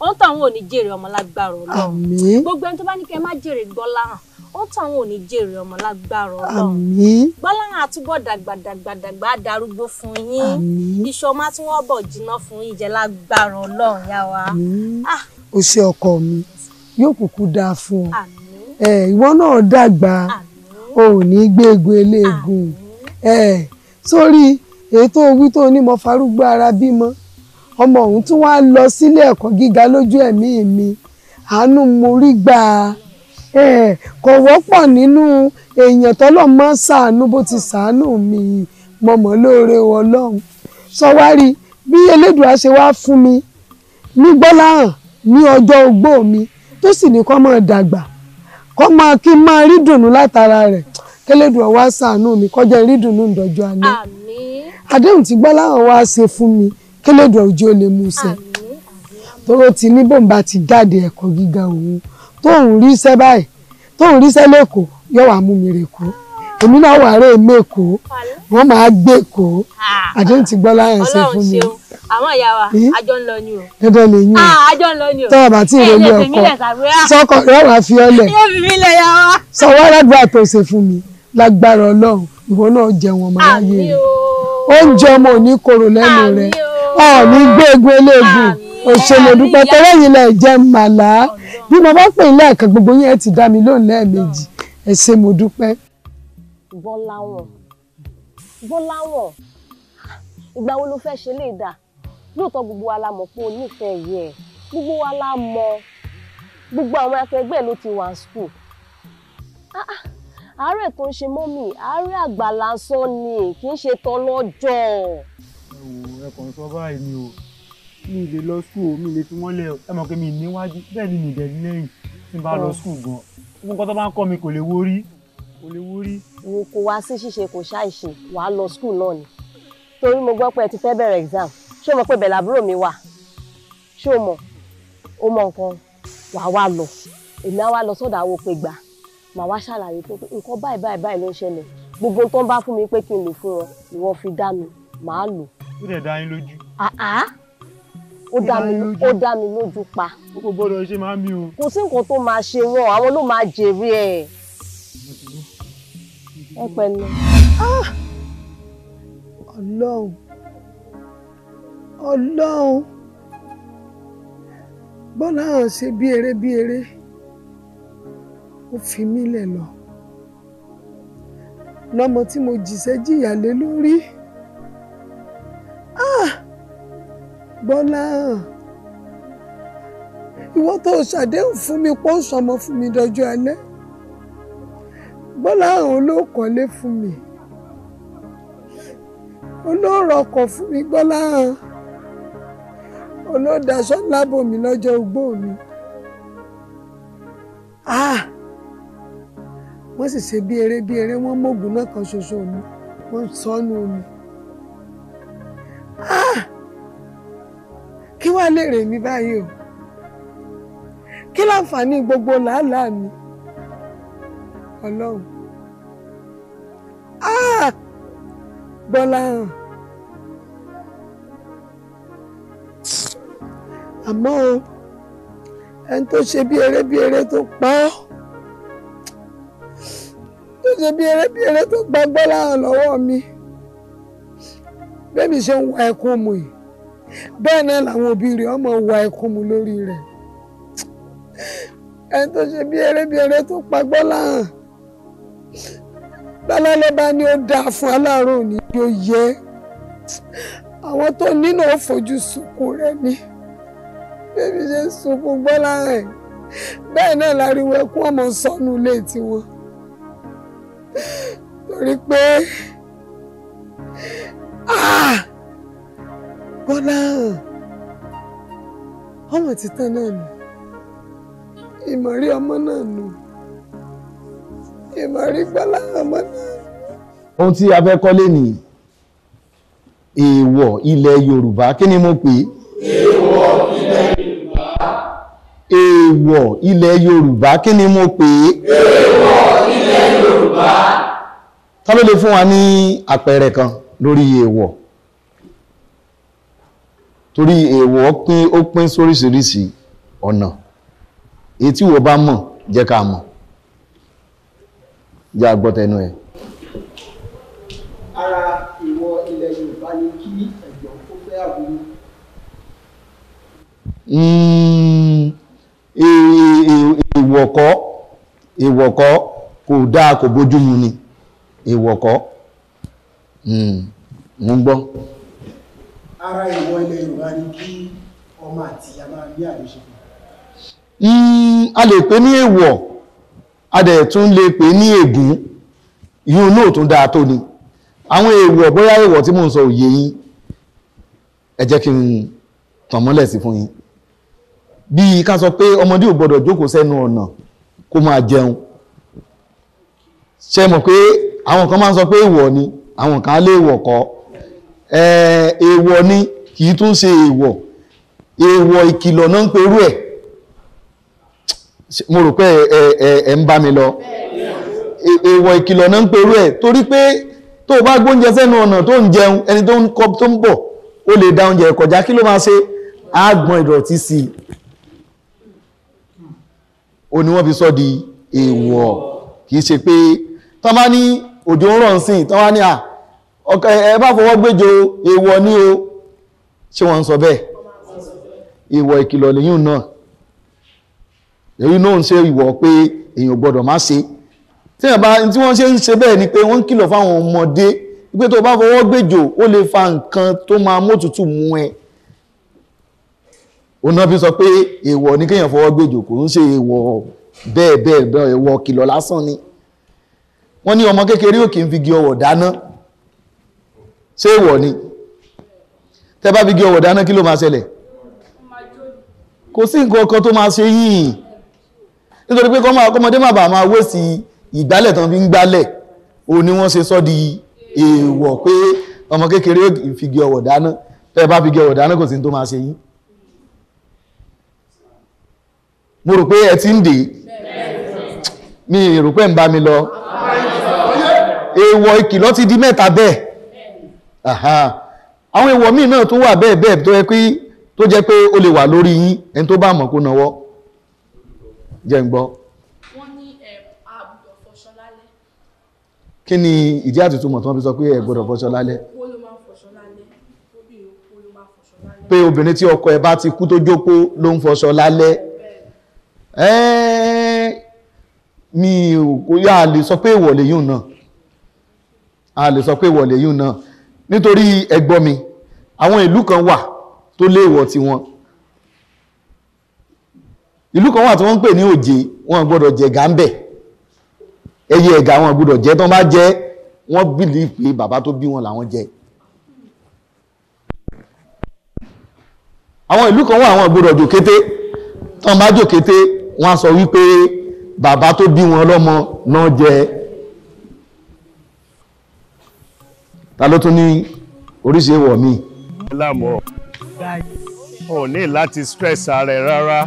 wọn tó àwọn ò ní jèrè ọmọ lágbára Ọlọ́run gbogbo ẹni tó bá ní kẹ má jèrè gbọlá hàn wọn tó àwọn ò ní jèrè ọmọ lágbára Ọlọ́run gbọlá hàn àtúbọ dàgbàdàgbàdàgbà darúgbó fún yín ìṣọmọ tí wọn bọ jìnnà fún yín jẹ lágbára Ọlọ́run yá wa. Ah. o ṣe ọkọ mi yóò kúkú dáa fún ọ ìwọ náà dàgbà o ò ní gbégun eléegun sórí èyí tó wí tó ní mo farúgbó ara bímọ ọmọ ọ̀hún tún wá lọ sílé ẹ̀kọ́ gíga lójú ẹ̀mí mi àánú mo rí gbà á kò wọ́pọ̀ nínú èèyàn tọ́lọ́ mọ́ ṣàánú bó ti ṣàánú mi mọ̀mọ́ lóore ọlọ́run sọwárí bí elédùá ṣe wá fún mi ní gbọ́láhàn ní ọjọ́ ogbó mi tó sì ní kó máa dàgbà kó máa kí n máa rí dùnnú látara rẹ̀ kẹlẹ́dùá wá ṣàánú mi kó jẹ́ rí dùnnú ìdọ́jú alẹ́ àdéhùn tí gbọ́láhàn wá ṣe fún mi kélédè òjò lè mú ṣẹ tóró ti ní bóun bá ti jáde ẹ̀kọ́ gíga òun tóun ríṣẹ́ báyìí tóun ríṣẹ́ lẹ́kọ̀ọ́ yóò wá mú mi rè kó èmi náà wà rè mí èkó wọ́n máa gbé èkó ah, àdéhùn ti gbọ́ láyà ṣe fún mi. àwọn ìyá wa àjọ ń lọ ni o. dandan lè yín o tọ́ ọ̀bà tí ìròlé ọkọ sọkọ rẹ wàá fi ọlẹ̀ ah. sọ wá ládùúgbà tó ṣe fún mi lágbára ọlọ́run ìwọ náà jẹun ọmọ láyé oúnjẹ ọmọ ò ní korò lẹ́nu rẹ. àmì o ọ̀ọ́ni gbóògùn eléègùn òṣèlú dúpẹ́ tọ́wọ́ yìí lẹ̀ jẹ́ màlá bí mo bá pè ilé ẹ̀kan gbogbo yẹn ti dá mi lóhùn lẹ́ẹ̀mejì ẹ ṣé mo dúpẹ́. Bọ́láwọ̀n Bọ́láwọ̀n ìgbà wo ló fẹ́ ṣe lè dà lóòótọ́ gbogbo wa la mọ̀ pé o nífẹ̀ẹ́ yẹ gbogbo wa la mọ̀ gbogbo àwọn akẹgbẹ́ ló ti wà skul ah, ah. àárẹ̀ tó ń ṣe mọ́mì àárẹ̀ àgbàlá sọ ni kì í ṣe tọ́lọ́jọ́ ẹ kàn sọ báyìí ni o mi lè lọ skul o mi lè fi wọ́n lẹ̀ ẹ mọ̀ pé mi níwájú bẹ́ẹ̀ ni mi dẹ̀ ní lẹ́yìn tí n bá lọ skul gan fún nǹkan tó bá ń kọ́ mi kò lè wórí kò lè wórí. wo kò wá sí ṣíṣe kò ṣàìṣe wàá lọ skul náà ni torí mo gbọ́ pé ẹ ti fẹ́ bẹ̀rẹ̀ exam ṣé o mọ̀ pé bẹ̀lẹ̀ àbúrò mi wà ṣé o mọ̀ o mọ̀ nǹkan wàá wá lọ èmi á wá lọ sọ́dọ̀ àwọn òpè gbà màá wá ṣàlàyé pé nǹkan báyìí báyìí báyìí ló ń ṣẹlẹ̀ gbogbo tó ń bá fún mi pé kí n lò fún wọn ìwọ fi dá mi màá lò ó dẹ̀ ah, ah. dá yín lójú. ó dá mi lójú pa. ó kò gbọ́dọ̀ ṣe máa mi o. kò sí nǹkan tó máa ṣe wọn àwọn ló máa jèrè ẹ̀. ẹ pẹ̀lú. Ah! ọlọ́run ọlọ́run bọ́lá hàn ṣe bí eré bí eré ó fi mí lẹ̀ lọ lọ́mọ tí mo jìṣẹ́ jìyà lé lórí. Ah! Bọ́lá ìwọ tó ṣàdéhùn fún mi pọ́ sọmọ fún mi dọjọ́ alẹ́ Bọ́lá àwọn olóòkọ́lé fún mi olóòrọ̀ ọkọ̀ fún mi Bọ́lá olóòdàṣọ́ lábò mi lọ́jọ́ ogbó mi ah! wọ́n sì ṣe bí eré bí eré wọ́n mọ̀gùn náà kan ṣoṣo mi wọ́n sọ́nù mi kí wàá lè rè mí báyìí o kí láǹfààní gbogbo làálàá mi ọlọ́run gbọ́lá ah! hàn àmọ́ o ẹni tó ṣe bí eré bí eré tó pa ọ́ tó ṣe bí eré bí eré tó gba gbọ́lá hàn lọ́wọ́ mi bẹ́ẹ̀mi ṣe ń wa ẹkún mu yìí bẹ́ẹ̀ náà làwọn òbí rẹ̀ ọmọ wa ẹkún mu lórí rẹ̀ ẹni tó ṣe bí eré bí eré tó pagbọ́ láhàn lọ́lọ́lọ́ba ni ó dáa fún aláàárọ̀ òní yóò yẹ àwọn tó nínú ó fojú sunkún rẹ ni bẹ́ẹ̀mi ṣe ń sunkún gbọ́ láhàn ẹ̀ bẹ́ẹ̀ náà láriwo ẹkún ọmọ sọnù ilé tiwọn torí pé. Ah! bọ́lá hàn ọmọ títàn náà nù ìmọ̀rí ọmọ náà nù ìmọ̀rí bọ́lá ọmọ náà. ohun tí a fẹ́ kọ́lé ni èèwọ̀ ilẹ̀ yorùbá kí ni mo pè é. èèwọ̀ ilẹ̀ yorùbá. èèwọ̀ ilẹ̀ yorùbá kí ni mo pè é. èèwọ̀ ilẹ̀ yorùbá. ká lè fún wa ní àpẹẹrẹ kan lórí èèwọ̀ torí èèwọ̀ pín ó pín sóríṣiríṣi ọ̀nà èyí tí wọ́n bá mọ̀ jẹ́ ká mọ̀ jẹ́ àgbọ́tẹnu ẹ̀. ara ìwọ ilẹ̀ Yorùbá ni kí ẹ̀gbọ́n kó fẹ́ àbúrò. Hmm, e, e, e, èèwọ̀ kọ́ èèwọ̀ kọ́ kò dáa kò bójú mu ni èèwọ̀ kọ́. Hmm. mo ń gbọ́. ara ìwọ ilẹ̀ yorùbá ni kí ọmọ àti ìyá máa ní àjọṣepọ̀. Hmm, a lè pè ní èèwọ̀ a dẹ̀ tún lè pè ní ègún yìí náà tún dáa tó ni àwọn èèwọ̀ bóyá èèwọ̀ tí mò ń sọ òye yín ẹ jẹ́ kí n tàn mọ́lẹ̀ sí fún yín bíi ká sọ pé ọmọdé ò gbọdọ̀ jókòó sẹ́nu ọ̀nà kó máa jẹun ṣe mọ̀ pé àwọn kan máa ń sọ pé èèwọ̀ ni àwọn kan lè wọ̀ kọ́ èèwọ̀ ni kì í tún ṣe èèwọ̀ èèwọ̀ ìkìlọ̀ náà ń perú ẹ̀ mo rò pé ẹ̀ ń bá mi lọ èèwọ̀ ìkìlọ̀ náà ń perú ẹ̀ torí pé tó bá gbóúnjẹ sẹ́nu ọ̀nà tó ń jẹun ẹni tó ń kọ tó ń bọ̀ ó lè da oúnjẹ kọjá kí ló máa ṣe àgbọn ìdọ̀tí sí i ó ní wọ́n fi sọ di èèwọ̀ kì í ṣe pé tọ́ bá ní òjò ń rọ̀ sí ìtàn wá ní à ọkọ̀ ẹ bá fọwọ́ gbéjò èèwọ̀ ní o ṣé wọ́n ń sọ bẹ́ẹ̀ èèwọ̀ ìkìlọ̀ lẹ́yìn náà èyí náà ń ṣe ìwọ̀ pé èèyàn gbọ́dọ̀ má ṣe tí wọ́n bá tí wọ́n ṣe ń ṣe bẹ́ẹ̀ ni pé wọ́n ń kìlọ̀ fáwọn ọmọdé pé tó bá fọwọ́ gbèjò ó lè fa nǹkan tó máa mótùtù mú ẹ ọ̀nà bí sọ pé èèwọ̀ ní kéèyàn fọwọ́ gbèjò kò ń ṣe èèwọ̀ bẹ́ẹ̀ bẹ́ẹ̀ bẹ́ẹ̀ èèwọ̀ kìlọ̀ lásán ni wọ́n ní ọmọ kékeré ò kì í fi igi ọwọ̀ dáná ṣé èèwọ̀ ni tẹ́ bá fi igi ọwọ̀ dáná kí ló máa ṣẹlẹ̀ kò sí nǹkan ọkọ tó máa ṣe yìí nítorí pé kọ́mọdé má bàa máa wé sí ìgbálẹ̀ tán fi ń gbálẹ̀ o ní wọ́n ṣe sọ́ di èèwọ̀ pé ọmọ kékeré ò kì í fi ọwọ̀ dáná tẹ́ bá fi ọwọ̀ dáná kò sí tó máa ṣe yìí mo rò pé ẹ ti ń dè mi rò pé ń bá mi lọ èèwọ̀ ìkìlọ̀ ti di mẹ́ta bẹ́ẹ̀ àwọn èèwọ̀ míì náà tó wà bẹ́ẹ̀ bẹ́ẹ̀ tó yẹ pé tó jẹ́ pé ó lè wà lórí yín ẹni tó bá mọ̀ kó náwó jẹ́ ń gbọ́. wọ́n ní àgbọ̀dọ̀ eh, fọṣọ lálẹ́. kí ni ìdí àtútùmọ̀ tí wọ́n fi sọ pé ẹ gbọ́dọ̀ fọṣọ lálẹ́. pé obìnrin tí ọkọ ẹ bá ti kú tó jókòó ló ń fọṣọ lálẹ́ mi ò kó lè sọ pé ìwọ̀lẹ̀ yìí náà a lè sọ pé wọ̀lẹ̀ yìí náà nítorí ẹgbọ́ mi àwọn ìlú kan wà tó léèwọ̀ tiwọn ìlú kan wà tí wọ́n ń pè ní òjé wọn gbọ́dọ̀ jẹ gàmbẹ̀ ẹyẹ ẹ̀gà wọn gbọ́dọ̀ jẹ tán bá jẹ wọ́n bìlì pé bàbá tó bí wọn làwọn jẹ àwọn ìlú kan wà àwọn gbọ́dọ̀ jòkété tán bá jòkété wọ́n á sọ wípé bàbá tó bí wọn lọ́mọ náà jẹ ta ló tún ní oríṣi èèwọ̀ mi. láàmú ọ ò ní láti stress ara rárá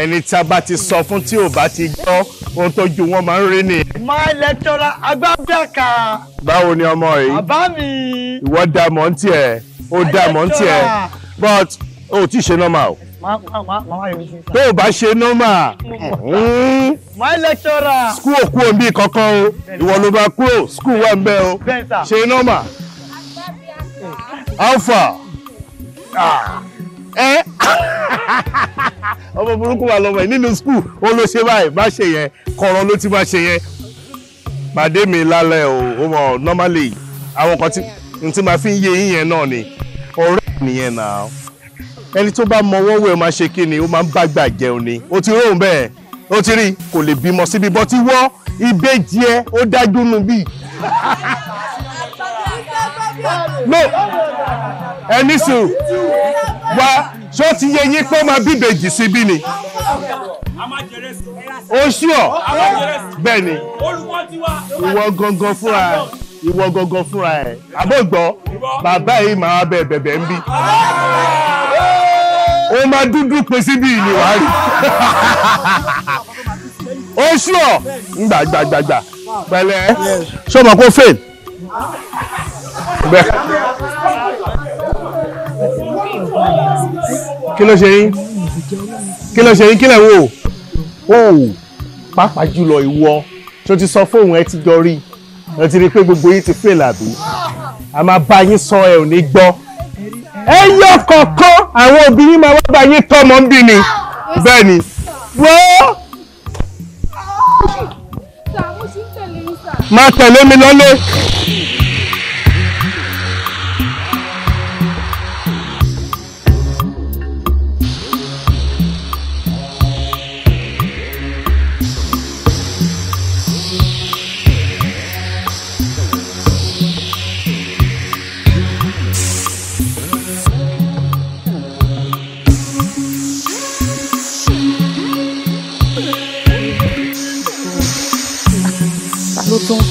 ẹni tí a bá ti sọ fún tí ò bá ti gbọ́ ohun tó ju wọn máa ń rí ni. my lecturer agbábíàkà. báwo ni ọmọ yìí. bàbá mi. ìwọ dà mọ́ ń tiẹ̀ ó dà mọ́ ń tiẹ̀ but o ò ṣe normal tó o bá ṣe nọ́mà hmm. skul òkú omi kankan o ìwọ ló bá kúrò skul wà ń bẹ o ṣe nọ́mà alpha ẹ ah. eh? *laughs* ọmọ burúkú wà lọ́mọ yìí nínú skul ó ló ṣe báyìí bá ṣe yẹn kọ̀ọ̀rọ̀ ló ti bá ṣe yẹn pàdé mi lálẹ́ o ó mọ̀ normally àwọn kan tí n ti máa fi ń yé yín yẹn náà ni ọ̀rẹ́ nìyẹn náà ẹni tó bá mọwọ́ wẹ̀ máa ṣe kí ni ó máa ń bá gbà jẹun ni ó ti róhùn bẹ́ẹ̀ ó ti rí kò lè bímọ síbi bọ́ ti wọ́ ìbejì ẹ ó dájú nù bí. no ẹni sùn wá ṣó ti yẹ yín pé ó máa bí ìbejì síbí ni oṣù ọ bẹ́ẹ̀ ni ìwọ gangan fúnra ìwọ gangan fúnra ẹ̀ àbọ̀gbọ́ bàbá yìí máa bẹ̀ bẹ̀bẹ̀ ń bí ó máa dúdú pin síbi ìlú wa rí ó ṣùọ gbàgbàgbàgbà pẹ̀lẹ́ sọmọ kó fail bẹ́ẹ̀ kí ló ṣe yín kí ló ṣe yín kí lẹ̀ wò ó pàápàá jùlọ ìwọ tó ti sọ fóun ẹ ti jọ rí i ẹ ti rí i pé gbogbo yín ti fail àbí a máa bá yín sọ ẹ ò ní gbọ́ ẹ yọ kọ̀ọ̀kan àwọn òbí yín máa wá bá yín tọmọ ń bí ni bẹ́ẹ̀ ni wọ́ọ́. máa tẹ̀lé mi lọ́lé.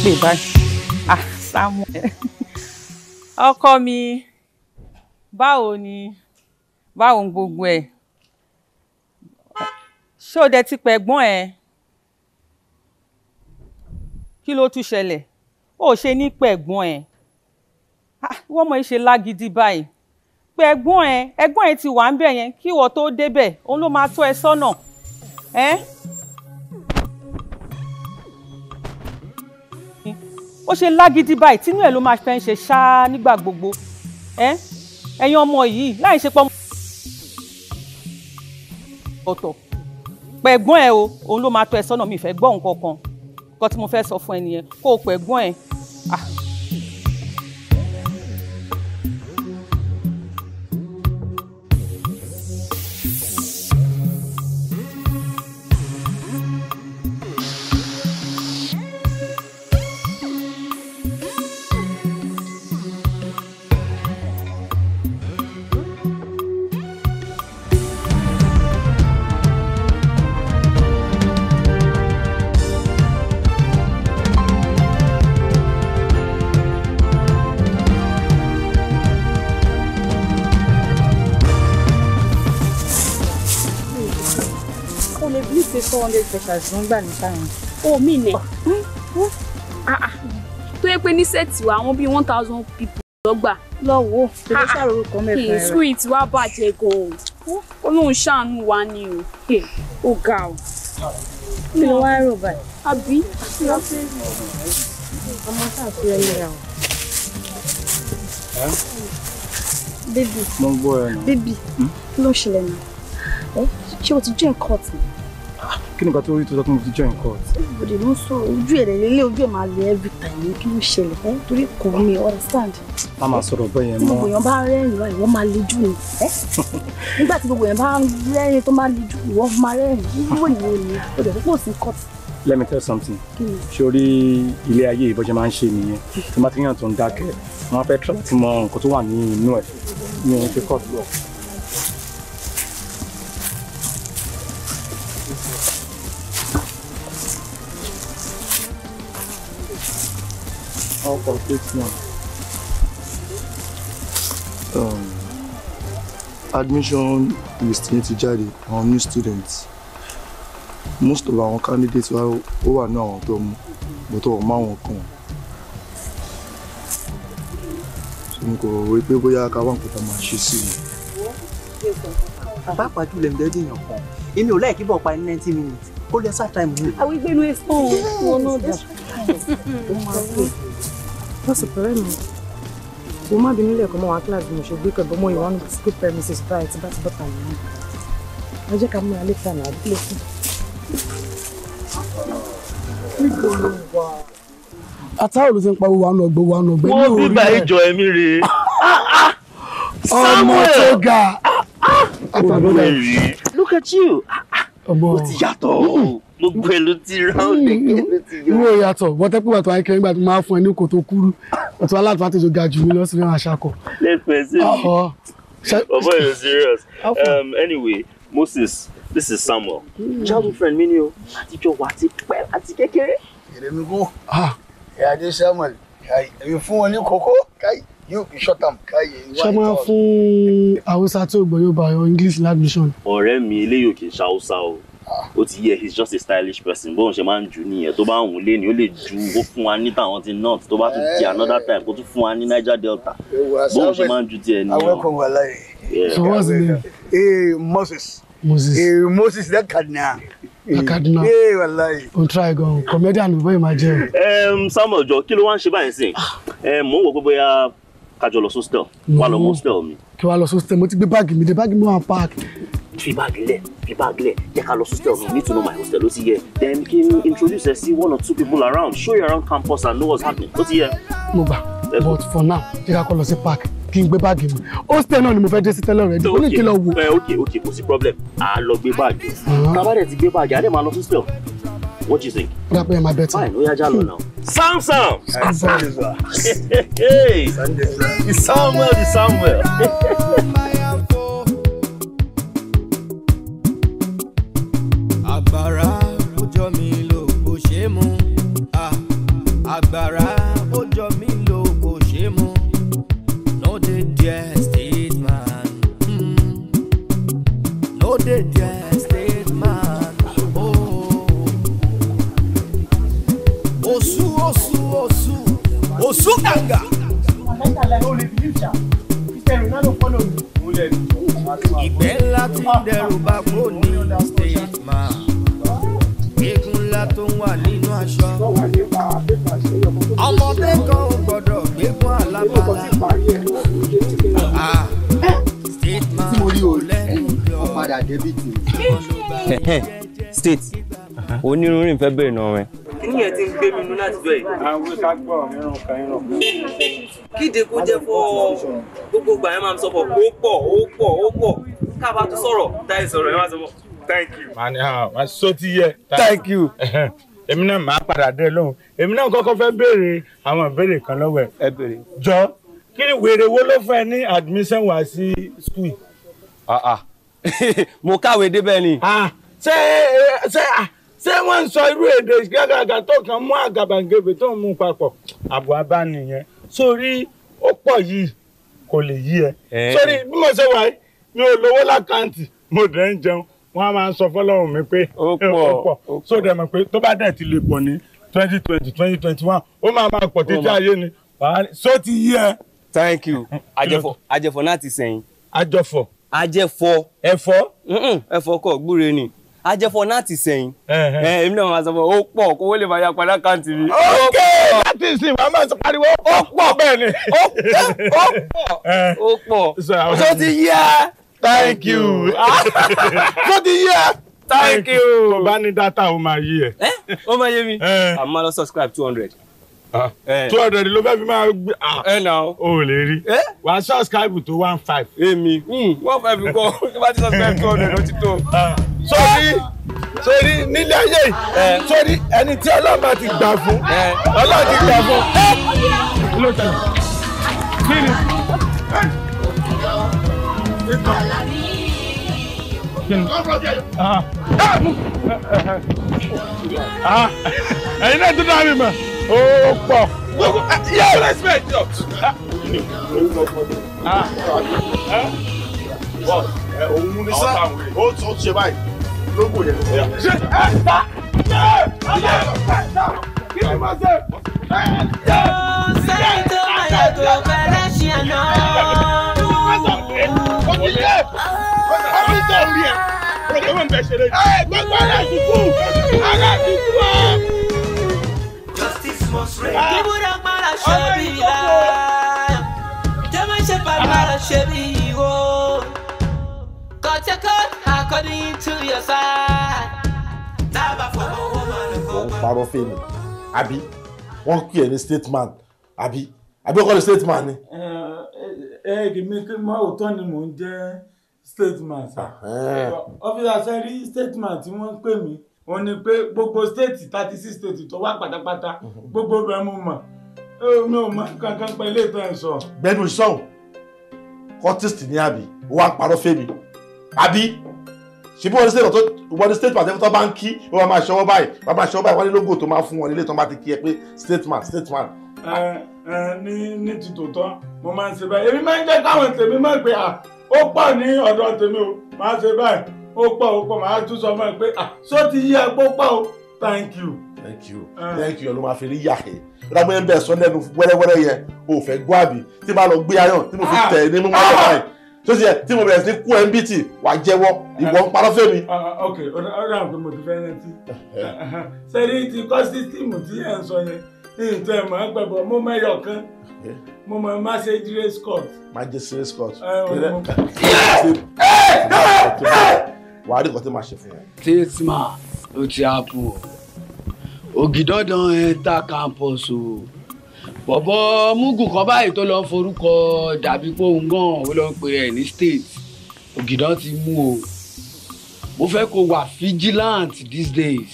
pè bye. ah Samuel ọkọ mi báwo ni báwo ń gbogbo ẹ ṣé o dẹ ti pẹ gbọ́n ẹ kí ló tún ṣẹlẹ̀ ó ṣe ní pẹ̀gbọ́n ẹ̀ wọ́n mọ̀ ẹ́ ṣe lágídí báyìí pẹ̀gbọ́n ẹ̀ ẹ̀gbọ́n ẹ̀ ti wà ń bẹ̀ yẹn kí ìwọ tó débẹ̀ òun ló máa tó ẹ sọ́nà ẹ́. Eh? ó ṣe lágídí báyìí tínú ẹ̀ ló máa fẹ́ ń ṣe ṣáá nígbà gbogbo ẹ̀yin ọmọ yìí láì ṣe pọ́ ọ̀tọ̀ pẹ̀gbọ́n ẹ o òun ló máa tọ́ ẹ sọ́nà mi ìfẹ́ gbọ́ nǹkan kan nǹkan tí mo fẹ́ sọ fún ẹ nìyẹn kó o pẹ̀gbọ́n ẹ. Ah. pressures ló ń gbà ní sáyẹn. o mi nẹ oh, hmm, hmm. ah, ah. tó yẹ pé ní sẹ́ẹ̀tì wa àwọn bíi one thousand people lọ́gbà. lọ́wọ́ ah, pẹ̀lú orúkọ mẹ́fà rẹ̀. sùúrù tí wàá bàjẹ́ gan-an olóhùn hmm. ṣàánú wa ni o ó ga o. kí ló wá rò báyìí. àbí ọmọ táà fi ẹyẹ rà o. bébì mo ń gbọ́ ẹ nà. bébì kí ló ń ṣẹlẹ̀ náà ṣé o ti jẹ́ nǹkan ọ̀tún kí ni nǹkan tó rí tó dọ́kun fi join court. everybody ló ń sọ ojú ẹ̀ lélẹ́ ojú ẹ̀ máa lè every time kí ló ṣẹlẹ̀ ẹ́ torí kò ní understand. a máa sọ̀rọ̀ bọ́ yẹn mọ́. gbogbo yẹn bá rẹ́rìn wá ìwọ máa le jù ní. *laughs* nígbà tí gbogbo yẹn bá rẹ́rìn tó máa le jù ìwọ máa rẹ́rìn wíwò ni o ní púpọ̀ sí court. let me tell something sórí ilé ayé ìbọ́jẹ́ máa ń ṣe nìyẹn tí tó ń dákẹ́ wọ́n fẹ́ tọ́ láti nǹkan tó wà ní inú ẹ̀ ní oníṣẹ́ all complete now. Um, admission is yẹn ti jáde àwọn new students most of our candidates are over now. But our man mú come. so we kò rí pé for ká wà nǹkan máa ṣe sí i. pàápàá jùlọ ẹ̀mí dẹ́dẹ̀ èèyàn ninety minutes kó lè sáà time Are we ìgbẹ́nu ẹ̀fọ́ wọn náà dà. ó máa ń pè é. What's the problem? Mo má bínú lẹ́ẹ̀kan mọ́ wa class mo ṣe gbé pẹ̀lú ọmọ ìwọ́n school premises tó àìtí bá ti bọ́ta yìí. Ẹ jẹ́ ká múra létà náà àbí lè fún. Níbo ló wà? Àtàwọn olùsìn pa owó àánú ọgbẹ́ owó àánú ọgbẹ́. Wọ́n bíbá ìjọ ẹ̀mí re. *laughs* Ọmọ tó ga. Look at you ó ti yàtọ̀ gbogbo ẹ̀ ló ti rán ọ̀dẹ̀kẹ́ ló hmm. ti yọ. ìwé ìyàtọ̀ nígbà tó máa fún ẹ ní kòtò kúrú ọ̀tún aláàtúwà tó ga jù mí lọ sínú àṣàkọ. lẹ́fẹ̀ẹ́ sí mi ọ̀bọ̀ yóò serious um, anyway Moses this is Samuel childhood friend mi ni o àtijọ́ wa ti pẹ́ àti kékeré. èrè mi gún ẹ̀ ah. adé Samuel èmi fún wọn ní kókó káyìí yóò fi short term káyè ìwà ìtọ́. ṣé máa fún haúsá tí ò gbọ́ yóò bá yọ english admission. ọ̀rẹ́ mi eléyìí ò kì í ṣe haúsá o ó ti yẹ he's just a stylish person bóun ṣe máa ń jù nìyẹn tó bá ń wù léni ó lè ju ó fún wa ní tàwọn ti north tó bá tún di another time kó tún fún wa ní niger delta bóun ṣe máa ń ju tiẹ̀ nìyẹn. awẹ́kọ̀ wà láyé. so what's the name. ee moses. moses ee moses dẹ́ kaduna. kaduna ee wàláyé. o try gan comedian bóyá máa jẹ o. samuel jọ kí ló wá ń ṣe báyìí sí ah. mò ń wò pé bóyá kájọ lọ sóstẹl wà lọ mọ́stẹl mi. kí wàá lọ sóstẹl mo ti gbé báàgì mi dé báàgì mi wà park. fi báàgì lẹ fi báàgì lẹ jẹ ká lọ sóstẹl mi need to know my hostel ó ti yẹ then kí n introduce ẹ sí one or two people around show you around campus and know what's happening ó ti yẹ. mo gbà but for now jẹ ká kọ lọ sí park kí n gbé báàgì mi hostel náà ni mo fẹ́ dé sí tẹ́lẹ̀ rẹ̀ ó ní kí n eh, ok ok kò sí problem à á lọ gbé báàgì. Ah. tábàdẹ̀ ti gbé báàgì á dẹ̀ máa lọ sóstẹl What do you think? That be my better. Fine, we are jalo now. Sam Sam! Sam Sam! Hey! It's Samuel, it's Samuel. agbára ó jọ mi lò bó ṣe mú ah, agbára. state uh-huh. onírúurú ìfẹ́ bèrè náà rẹ. kíni ẹ ti ń gbé mi nú láti jọ ẹ. àwọn ká gbọ́ ìrùn kan ìrùn kan. kíde kó jẹ́ fọ́ gbogbo ìgbà yẹn máa ń sọ fọ́ ó pọ̀ ó pọ̀ ó pọ̀ ká bá sọ̀rọ̀ táyì sọ̀rọ̀ ẹ máa sọ fọ́ thank you. màá ní àwọn ah, máa sọ ti yẹ. thank you. *laughs* èmi náà máa padà dé lóhùn èmi náà kọ́kọ́ fẹ́ béèrè àwọn ìbéèrè kan lọ́wọ́ ẹ̀. ẹ béèrè. jọ kí ni wèrè wo ló fẹ́ ní admission wá sí school. Ah, ah. *laughs* mo káwé débẹ̀ ni ṣé ṣé ṣé wọ́n ń sọ irú èdè gàgàgà tó kàn mú àgàbàǹgebè tó ń mú papọ̀ àbọ̀ abániyẹn sórí ó pọ̀ yìí kò lè yí ẹ sórí bí mo ṣe wà yìí mi ò lówó lákàǹtì mo dẹ̀ ń jẹun wọ́n á máa ń sọ fọlọ́run mi pé ó pọ̀ sódà mọ̀ pé tó bá dẹ̀ ti lè pọ̀ ní twenty twenty twenty twenty one ó máa máa pọ̀ títí ayé ni só ti yí ẹ. thank you àjẹfọ mm, àjẹfọ láti sẹ́yìn. àjọfọ. àjẹfọ. ẹ̀fọ́. ẹ̀fọ́ kọ gbúre ni ajẹfọ náà ti sẹ́yìn èmi náà máa sọ fún ọ ó pọ̀ kówó lè máa ya padà káàntì mi. ok láti ìsìn màá máa pariwo ó pọ̀ bẹ́ẹ̀ ni. ó pọ̀ ó pọ̀ tó ti yá. thank you tó *laughs* ti yá. thank you. tó bá ní dátà ó máa yé ẹ. ó máa yé mi. a máa lọ subscribe two hundred. Eh. Eh. two hundred ló fẹ́ fi máa gbé ẹ nà ó ò lè rí eh? wà á subscribe to one five. èmi hmm, one five kọ́ tí bá ti subscribe two hundred ó ti tó. Ah. sórí sórí nílé ayé sórí ẹni tí ọlọ́mà ti gbà fún ọlọ́mà ti gbà fún. ló tẹ̀lé kí ni ẹ̀yin náà tún náà mi mọ̀ ó pọ̀. yóò lè ṣe é jọ. òun ní sá ó tún ṣe báyìí lóko yẹn. ṣe ẹ ta ṣe ẹ ta kí ni mo ṣe. sẹ́yìn tó máa yàgò fẹ́rẹ́ ṣe àná ń bí ẹ ọ̀rọ̀ mọ̀ bẹ̀ ṣeré. wọ́n parọ́ fèmí àbí wọ́n kí ẹ ní statement àbí àbí ọkọ ní statement ni. ẹ ẹ eh, eh, eh, èmi kí n máa òótọ́ ni mò ń jẹ́ statement sà ọ́fíìsà ṣe rí statement tí wọ́n ń pè mí òun ni pé gbogbo state thirty six state tó wà pátápátá mhm. gbogbo rẹ̀ mo mọ̀ mi ò mọ kankan pé ilé ìtàn sọ. gbẹnu sọhùn contest ní àbí wà á parọ́ fẹ́mi àbí ṣe bí wọ́n ní state tó wọ́n ní statement ẹ̀fọ́ tó bá ń kí wọ́n máa ṣọwọ́ báyìí wọ́n máa ṣọwọ́ báyìí wọ́n ní logo tó máa fún wọn nílé tó máa ti kí ẹ pé statement statement ní ní ti tòótọ́ mo máa ń ṣe báyìí èmi máa ń jẹ́ káwọn tèmi máa gbé à ó pọ̀ ní ọ̀dọ̀ tèmi o máa ṣe báyìí ó pọ̀ ó pọ̀ máa tún sọ fún ẹ pé ah ṣó ti yí agbó pọ̀ o thank you. thank you ah. thank you ló máa fi rí yà ẹ rábọ ẹ ń bẹ sọ lẹ́nu wẹ́rẹ́wẹ́rẹ́ yẹn o fẹ́ gbọ́ àbí tí máa lọ gbé ayọ̀ tí mo fi ah. tẹ ẹ ní mímú ọjọ́ báyìí tó ti yẹ tí mo bẹ̀rẹ̀ sí kú ẹ ń bì tì wà jẹ́wọ́ ìwọ ń parọ́ fẹ́mi. Ah, ok ọ̀rọ̀ àwọn mo ti fẹ́ rántí sẹ́ni *laughs* ti kọ́ sísítìmù tí ẹ̀ ń sọ yẹn ní ìtọ́ ẹ̀ mọ̀ ẹ́ pẹ̀bọ̀ mú mẹ́yọ̀ kan mo mọ má ṣe jíre scott. má jẹ jíre scott. wàá rí nǹkan tí màá ṣe fún ẹ. tíṣmà ó ti àpò ògìdọ́dàn ẹ̀ta campus o bọ̀bọ̀ mugun kan báyìí tó lọ forúkọ dàbí pé òun gan ó lọ pe ẹ̀ ní state ògìdán ti mú o mo fẹ́ kó wà vigilant these days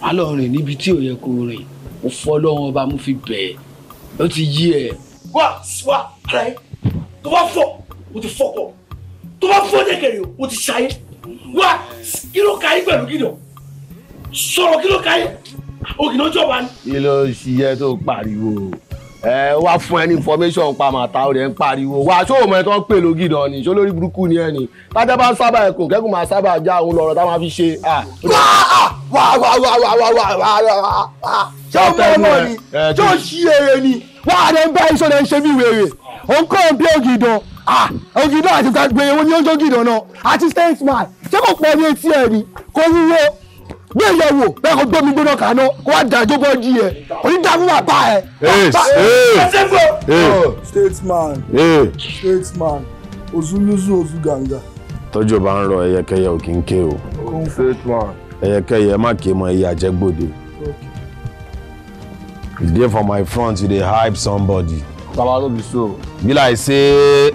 má lọ rìn níbi tí ò yẹ kó rìn mo fọ́ lọ́wọ́ ọba mo fi bẹ̀ẹ́ ó ti yí ẹ. wá wá ara yẹ tó bá fọ o ti fọ pọ tó bá fọ jẹkẹrẹ o ti ṣayé wá kí ló ka yín pẹ̀lú gidan sọ̀rọ̀ kí ló ka yín ògìnà jọba ni. kí ló ṣiyẹ tó pariwo ẹ wá fún ẹ ní information pa màtá ó rẹ ń pariwo wá aṣọ òmò ẹ tó ń pè lógìdọ ni ṣó lórí burúkú ni ẹ ni tájá bá ń sábà ẹkùn kẹkùn máa sábà já òun lọ́rọ̀ tá máa fi ṣe. wá wá wá wá wá wá wá wá wá jẹ́ ọmọ ọmọ ni jẹ́ òṣì èrè ni wà á dẹ̀ ń bá iṣẹ́ rẹ̀ ń ṣe bí wèrè òǹkọ́ bí ògìdàn ògìdàn àti gbàgbé ewo ni ó ń jógìdàn náà àti states man ṣé kò pọ̀ ní etí ẹ̀ ni kò wúwo gbé ìyẹ̀wò bẹ́ẹ̀ kò gbómi gbóná kaná kó wá dájọ́ bọ́ jí ẹ̀ onídàgbò wà bá ẹ̀. states man states man ozuluzu ozu ganga. tọ́jú ọba ń rọ ẹyẹkẹyẹ òkínkè o. states man. ẹyẹkẹyẹ má kí mọ iye àjẹgbòde you dey for my front you dey hype somebody. baba no be so. be like say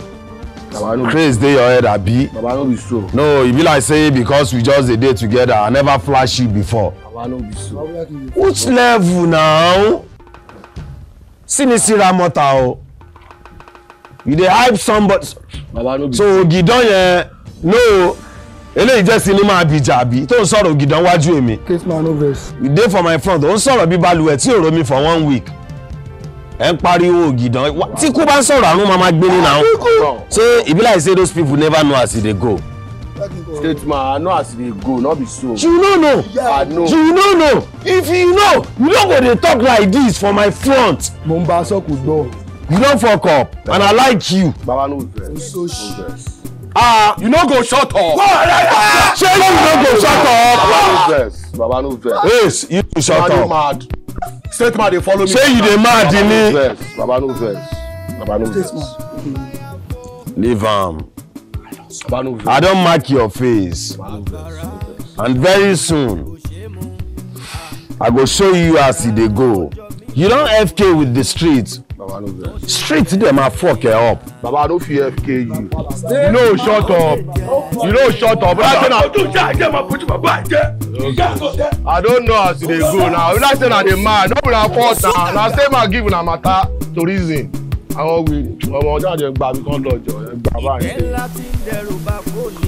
craze dey your head abi. baba no be so. no e be like say because we just dey dey together i never flash you before. baba no be so. which level now? See sinisira mota o oh. you dey hype somebody. baba no be so. so ogidon yẹn eh, no eléyìí jẹ́ sinimá abidjan àbí tó ń sọ̀rọ̀ ògìdán wájú èmi. case man no vex. you dey for my front ó ń sọ̀rọ̀ bí balùwẹ̀ tí ò romi for one week ẹ ń pariwo ògìdán tí kú bá ń sọ̀rọ̀ àrùn máa máa gbé nínú àwọn ṣé e be like say those people never know as e dey go. state man i know as e dey go no be so. you no know yeah. know. you no know if you know you no go dey talk like this for my front. mo ń bá sọ́kù gbọ́. you don fuck up and i like you. baba no vex vex ah you no go shut up. Ah, say you no go shut up. baba no vex. Ah. yes you go shut up. mad straight man dey follow me. say you dey mad ni. baba no vex baba no vex mm-hmm. leave am. baba i don mark your face. and very soon i go show you as e dey go. you don fk with the street Baba no vex. Straight dem fork her up. Baba no fit FK you. you no shut up. You no shut up. Baba no do ja je ma put my back there. I don't know as e dey go now. If I say na the man, no be na fault na. Na same ma give una matter to reason. Àwọn wí ọmọ ọjọ́ àjẹ́ gbà mí kán lọ́jọ́ ẹ̀ gbà báyìí. Ìgbẹ́ ńlá ti ń dẹrù bá kò ní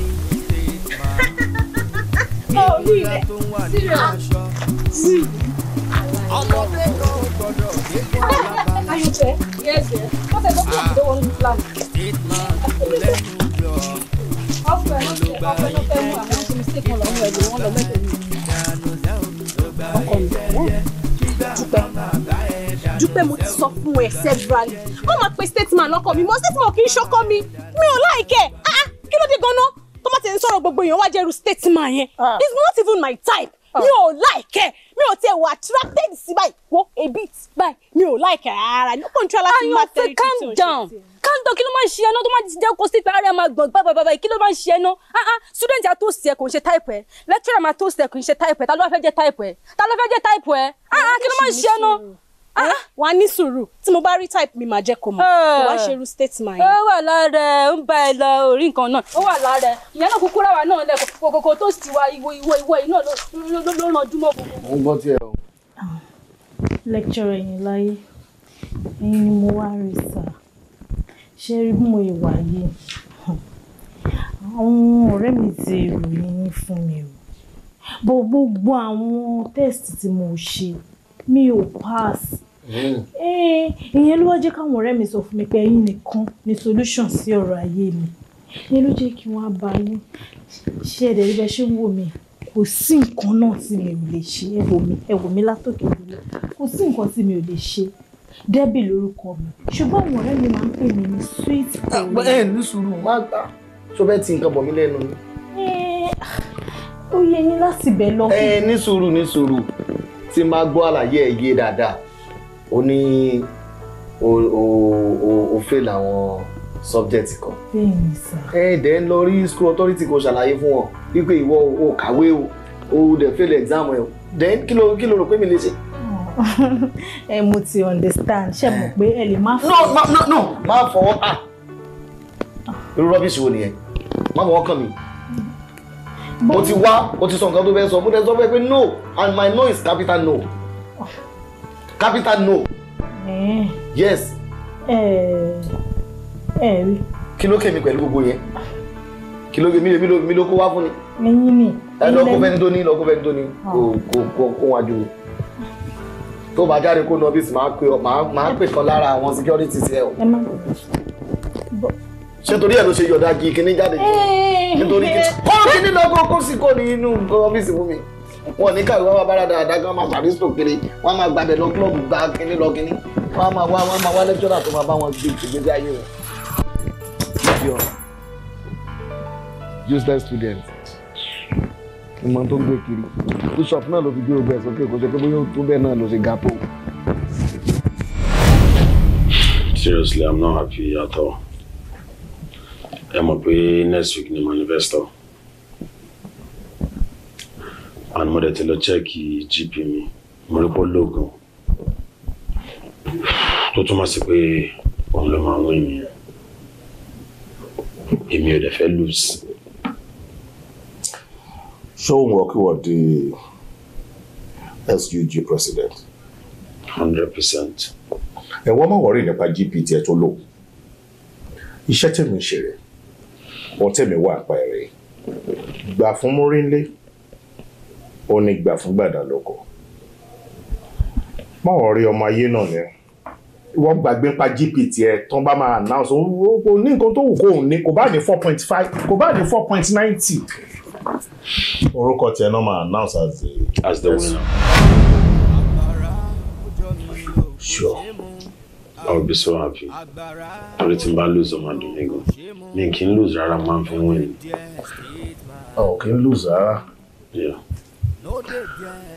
ìṣe Are you there? Yes, dear. What ah. I don't know if want me plan. How can I not say, how can I not tell you I'm going to mistake one of want to make me. Ọkọ mi, Dúpẹ́, Dúpẹ́ mo ti sọ fún ẹ severally. Wọ́n máa pe statement lọ́kọ mi, mo statement kì í ṣọkọ mi. Mi ò láìkẹ́, ah, ah, kí ló dé gan-an? Tó má ti ń sọ̀rọ̀ gbogbo èèyàn wá jẹ́rú statement yẹn. It's not even my type mi ò láìkẹ́ mi ò tiẹ̀ wọ attracted sí báyìí wo a bit báyìí mi ò láìkẹ́ rárá ní kòńtú aláṣẹ máa tẹ̀lé tí o ṣe calm down kí ló máa ń ṣe ẹná tó máa ti jẹ́ kó síta ara ẹ̀ máa gbọ̀n bábàbàbà kí ló máa ń ṣe ẹná ah ah student ya tó sì ẹ̀ kò ń ṣe type ẹ̀ lecturer máa tó sì ẹ̀ kò ń ṣe type ẹ̀ ta ló fẹ́ jẹ́ type ẹ̀ ta ló fẹ́ jẹ́ type ẹ̀ ah ah kí ló máa ń ṣe ẹná Ah. Eh, wà á ní sùúrù tí mo bá rí type mi màá jẹ́ kó mọ̀ ah. kó wá ṣerú statement yẹn. ó wà lára ẹ ń bá ẹ lọ orí nǹkan náà ó wà lára ẹ ìyẹn náà kúkú ráwa náà lẹ kòkòkò tó sì wá ìwọ ìwọ ìwọ iná ló ranjú mọ́ mo ń gbọ́ tiẹ̀ o. lecturer yẹn láyé ẹ̀yin ni mo wá rí sà ṣe rí bí mo ìwà yìí àwọn ọ̀rẹ́ mi ti ròyìn fún mi o gbogbo àwọn test tí mo ṣe mi ò pass mm. eh, ìyẹn ló wá jẹ́ káwọn ọ̀rẹ́ mi sọ fún mi pé ẹ̀yin nìkan ni solution sí ọ̀rọ̀ ayé mi ìyẹn ló jẹ́ kí wọ́n á ba yín ṣé ẹ̀dẹ̀ rí bẹ́ ṣe ń wò mí kò sí nǹkan náà tí mi ò lè ṣe ẹ wò mí ẹ wò mí látòkè dúró kò sí nǹkan tí mi ò lè ṣe Debbie lórúkọ mi ṣùgbọ́n àwọn ọ̀rẹ́ mi máa ń pè mí ní sweet pẹ̀lú. Ah, ẹ ní sùúrù má gbà tó bẹ́ẹ̀ ti nǹkan bọ̀ mí lẹ́nu. Eh, ó yẹ yín láti bẹ̀ lọ. ẹ eh, ní sùúrù ní sùúrù tí má gbọ́ àlàyé ẹ̀ yé dáadáa ó ní o fail àwọn subject kan. bẹ́ẹ̀ni sá. ẹ dẹ̀ ń lọ rí school authority kò ṣàlàyé fún wọn wípé ìwọ o kàwé o o dẹ̀ fail exam ẹ o then kí ló kí ló rò pé mi lè ṣe. ẹ mo ti understand ṣe mọ̀ pé ẹ lè má fọ. no no no má fọwọ́ kà ah. irú rọ́bìṣì wo nìyẹn má fọwọ́ kàn mí o ti wá o ti sọ nǹkan tó fẹ́ sọ mo tẹ sọ fẹ́ pé no and my no is capital no capital no eh. yes. Eh, eh, kí ló kèmí pẹ̀lú gbogbo yẹn kí ló kèmí mi ló kó wá fún ni. ẹyin ni ẹ lọ kó fẹ́ni tó ní lọ kó fẹ́ni tó ní ah. kó kó wájú mi tó bá jáde kó nọ bí sì máa pè kan lára àwọn security ẹ o. ẹ má bọ̀ ṣé torí ẹ̀ ló ṣe yọ̀dá kí kíní jáde nítorí kí kíní lọ́gọ́ kó sì kó inú ọ́fíìsì fún mi wọn ní káwé wọn máa bára dáadáa kí wọn máa parí sọ kiri wọn máa gbàbẹ lọ kílọ̀bù gba kíní lọ kíní wọn máa wá wọn máa wá lẹ́kítọ́rà tó máa bá wọn gbé ìgbésí ayé wọn. useless student ìmọ̀ tó gbé kiri bishop náà ló fi gbé ogun sókè kó ṣe pé bóyá tó bẹ́ẹ̀ náà ló ṣe ga Seriously, I'm not happy at all ẹ mọ̀ pé next week ni manifesto and mo dẹ̀ ti lọ chẹ́ẹ̀kì gp mi mo rí pọ́ lóògùn tó túmọ̀ sí pé òun ló máa ń wé mi èmi ò dẹ̀ fẹ́ lose. ṣóun ọkíwọ̀ di SUG president. hundred percent. ẹ̀wọ́n máa wọ̀rí nípa gp tiẹ̀ tó lò iṣẹ́ tèmi ń ṣe rẹ̀ ọtẹ̀mí wà pẹ̀rẹ̀ gbà fún múrínlé ó ní gbà fún gbàdá lóko máwọn rí ọmọ ayé náà lẹ́rìn wọ́n gbàgbé pa gpt ẹ̀ tán bá máa announce ó ní nǹkan tó wù kó òun ní kò bá ní four point five kò bá ní four point ninety. orúkọ tiẹ̀ náà máa announce as as the winner. sure. I will be so happy. Torí tí n lose on my Domingo. Me can lose rather than ń fi win. Ọ̀ kì í lose rárá.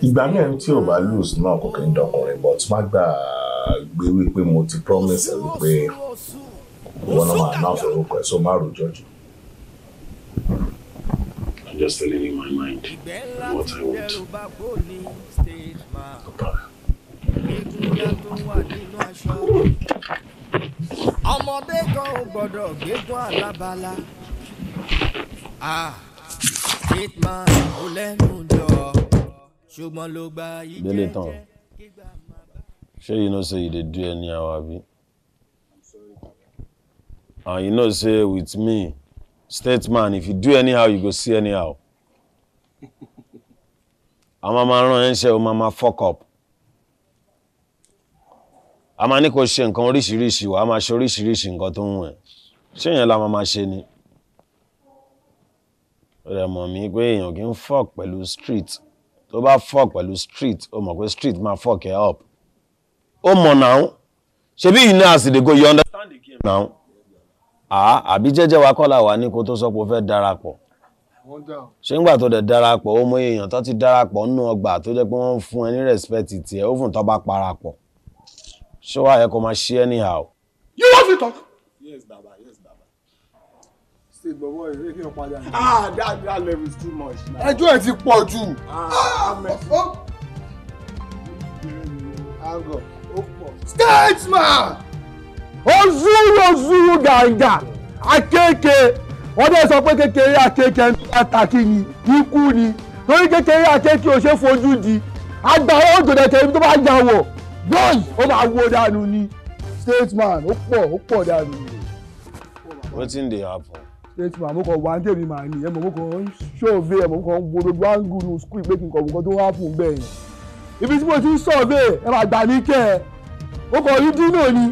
Ìgbà mẹ́rin tí o bá lose náà kò kí n dọkùnrin but má gbà gbé wípé mo ti promise ẹ wípé ìwọ náà máa ná àforúkọ ẹ̀ so má rojọ́ jù. I'm just telling you my mind what I want. Okay ìyá tó wà nínú aṣọ. ọmọdé kan ò gbọ́dọ̀ gbégún alábala. hitman ò lẹ́nu jọ ṣùgbọ́n ló gba ìjẹ́ jẹ́ kígbà máa bá. shey you know say you dey do anyhow abi. and ah, you know say with me statesman if you do anyhow you go see anyhow. àwọn máa ràn ẹ́ ń ṣe o máa máa fuck up a máa ní kó ṣe nǹkan oríṣiríṣi wà á máa ṣe oríṣiríṣi nǹkan tó ń wẹ̀ ṣé èèyàn la máa máa ṣe ni. rẹ̀ mọ̀ mí pé èèyàn kì í fọ́ọ̀k pẹ̀lú street tó bá fọ́ọ̀k pẹ̀lú street ó mọ̀ pé street máa fọ́ọ̀k ẹ̀ up ó mọ̀ náà ṣebí yìí náà sì lè go you understand the game now. àá àbí jẹ́jẹ́ wa kọ́ la wà ní kó tó sọ pé o fẹ́ darapọ̀ ṣé ńgbà tó dẹ̀ darapọ̀ ó mọ èèyàn tó ti darapọ̀ nínú ọgbà tó jẹ́ pé wọ́n fún ẹ ní respect tiẹ̀ ó fún tó bá parapọ̀ ṣé wàá yẹ kó máa ṣe anyhow. you want me talk. yes baba yes baba. ṣe ìgbọ̀wọ́ ìwé kí n padà. Ah, ah that that level is too much. ẹjọ́ ẹ ti pọ̀ jù. ah àgọ̀ ah, oh. ó pọ̀. statesman. ozuru ozuru gàǹgà akéèké wọ́n dẹ̀ sọ pé kékeré akéèké ń pàtàkì ni ikú ni torí kékeré akéèké ò ṣe fojú di àgbà ó jòdè tẹ̀lé tó bá yà wọ̀ bọ́ọ̀lù ó máa wó dànù ni statesman ó pọ̀ ó pọ̀ dànù ni. wetin dey happen. statesman mo kàn wá ní tèmi màá ní ẹmọ mo kàn ń ṣòve ẹmọ mo kàn ń wo gbogbo angu nu skul pé kí n kàn wọ́n tó wá fún bẹ́ẹ̀ yẹn ibi tí mo ti ń ṣòve ẹ máa gbà ní kẹ́ ẹ ó kàn rí dínà ni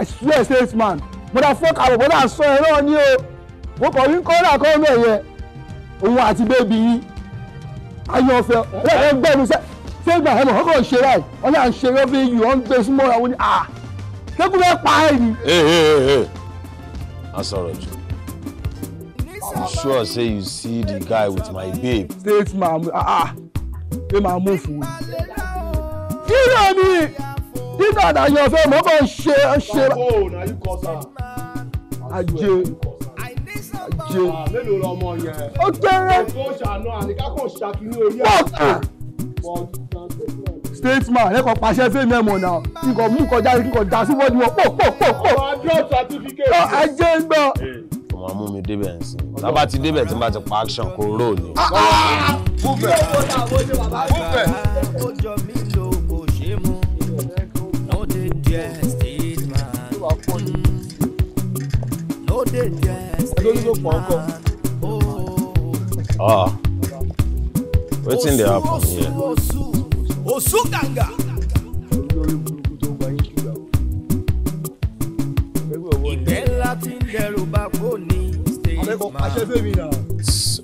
i swear statesman mo dà fọ́ kàwọ̀ mo dà sọ ẹ náà ní o mo kàn rí kọ́ńdà kọ́ńdà yẹn òun àti bébí yín ayọ̀ ọ̀fẹ́ ọ̀rẹ́ ẹ gbẹ́nu sẹ́ẹ̀ sẹ́gbà ẹ̀mọ̀ ọkọ̀ ṣe rà yìí ọ̀là ń ṣe rọ́bì yìí wọ́n gbé súnmọ́ ra wọn ni ah sẹ́kù bẹ́ẹ̀ pa ẹ̀ ni. ee ee ee a sure say you see the guy with my babe. state ma ah ah e ma mú fún mi. kí ló ní nígbà àdáyọ̀ fẹ́ mọ́ kàn ṣe ṣe. ajé ajé. Ah, mélòó lọmọ yẹn. ó kéré. kó ṣàánú àníká kò ṣàkíní orí àwọn statesman ẹ kàn pàṣẹ sí ẹ̀mí ẹ̀mọ̀ náà kí n kàn mú kọjá kí n kàn dà sí wọ́ọ̀dù wọn pò pò pò pò. àwọn adúlọ̀ certificate. ọmọ amú mi débẹ̀ ń sìn tábà ti débẹ̀ tí n bá ti pa action kò rò ní. múfẹ̀ múfẹ̀. lórí ló pọ̀ ọkọ. ah wetin dey happen here òsúgàgà. ìgbẹ́ ńlá ti ń dẹrù bá kò ní stage máa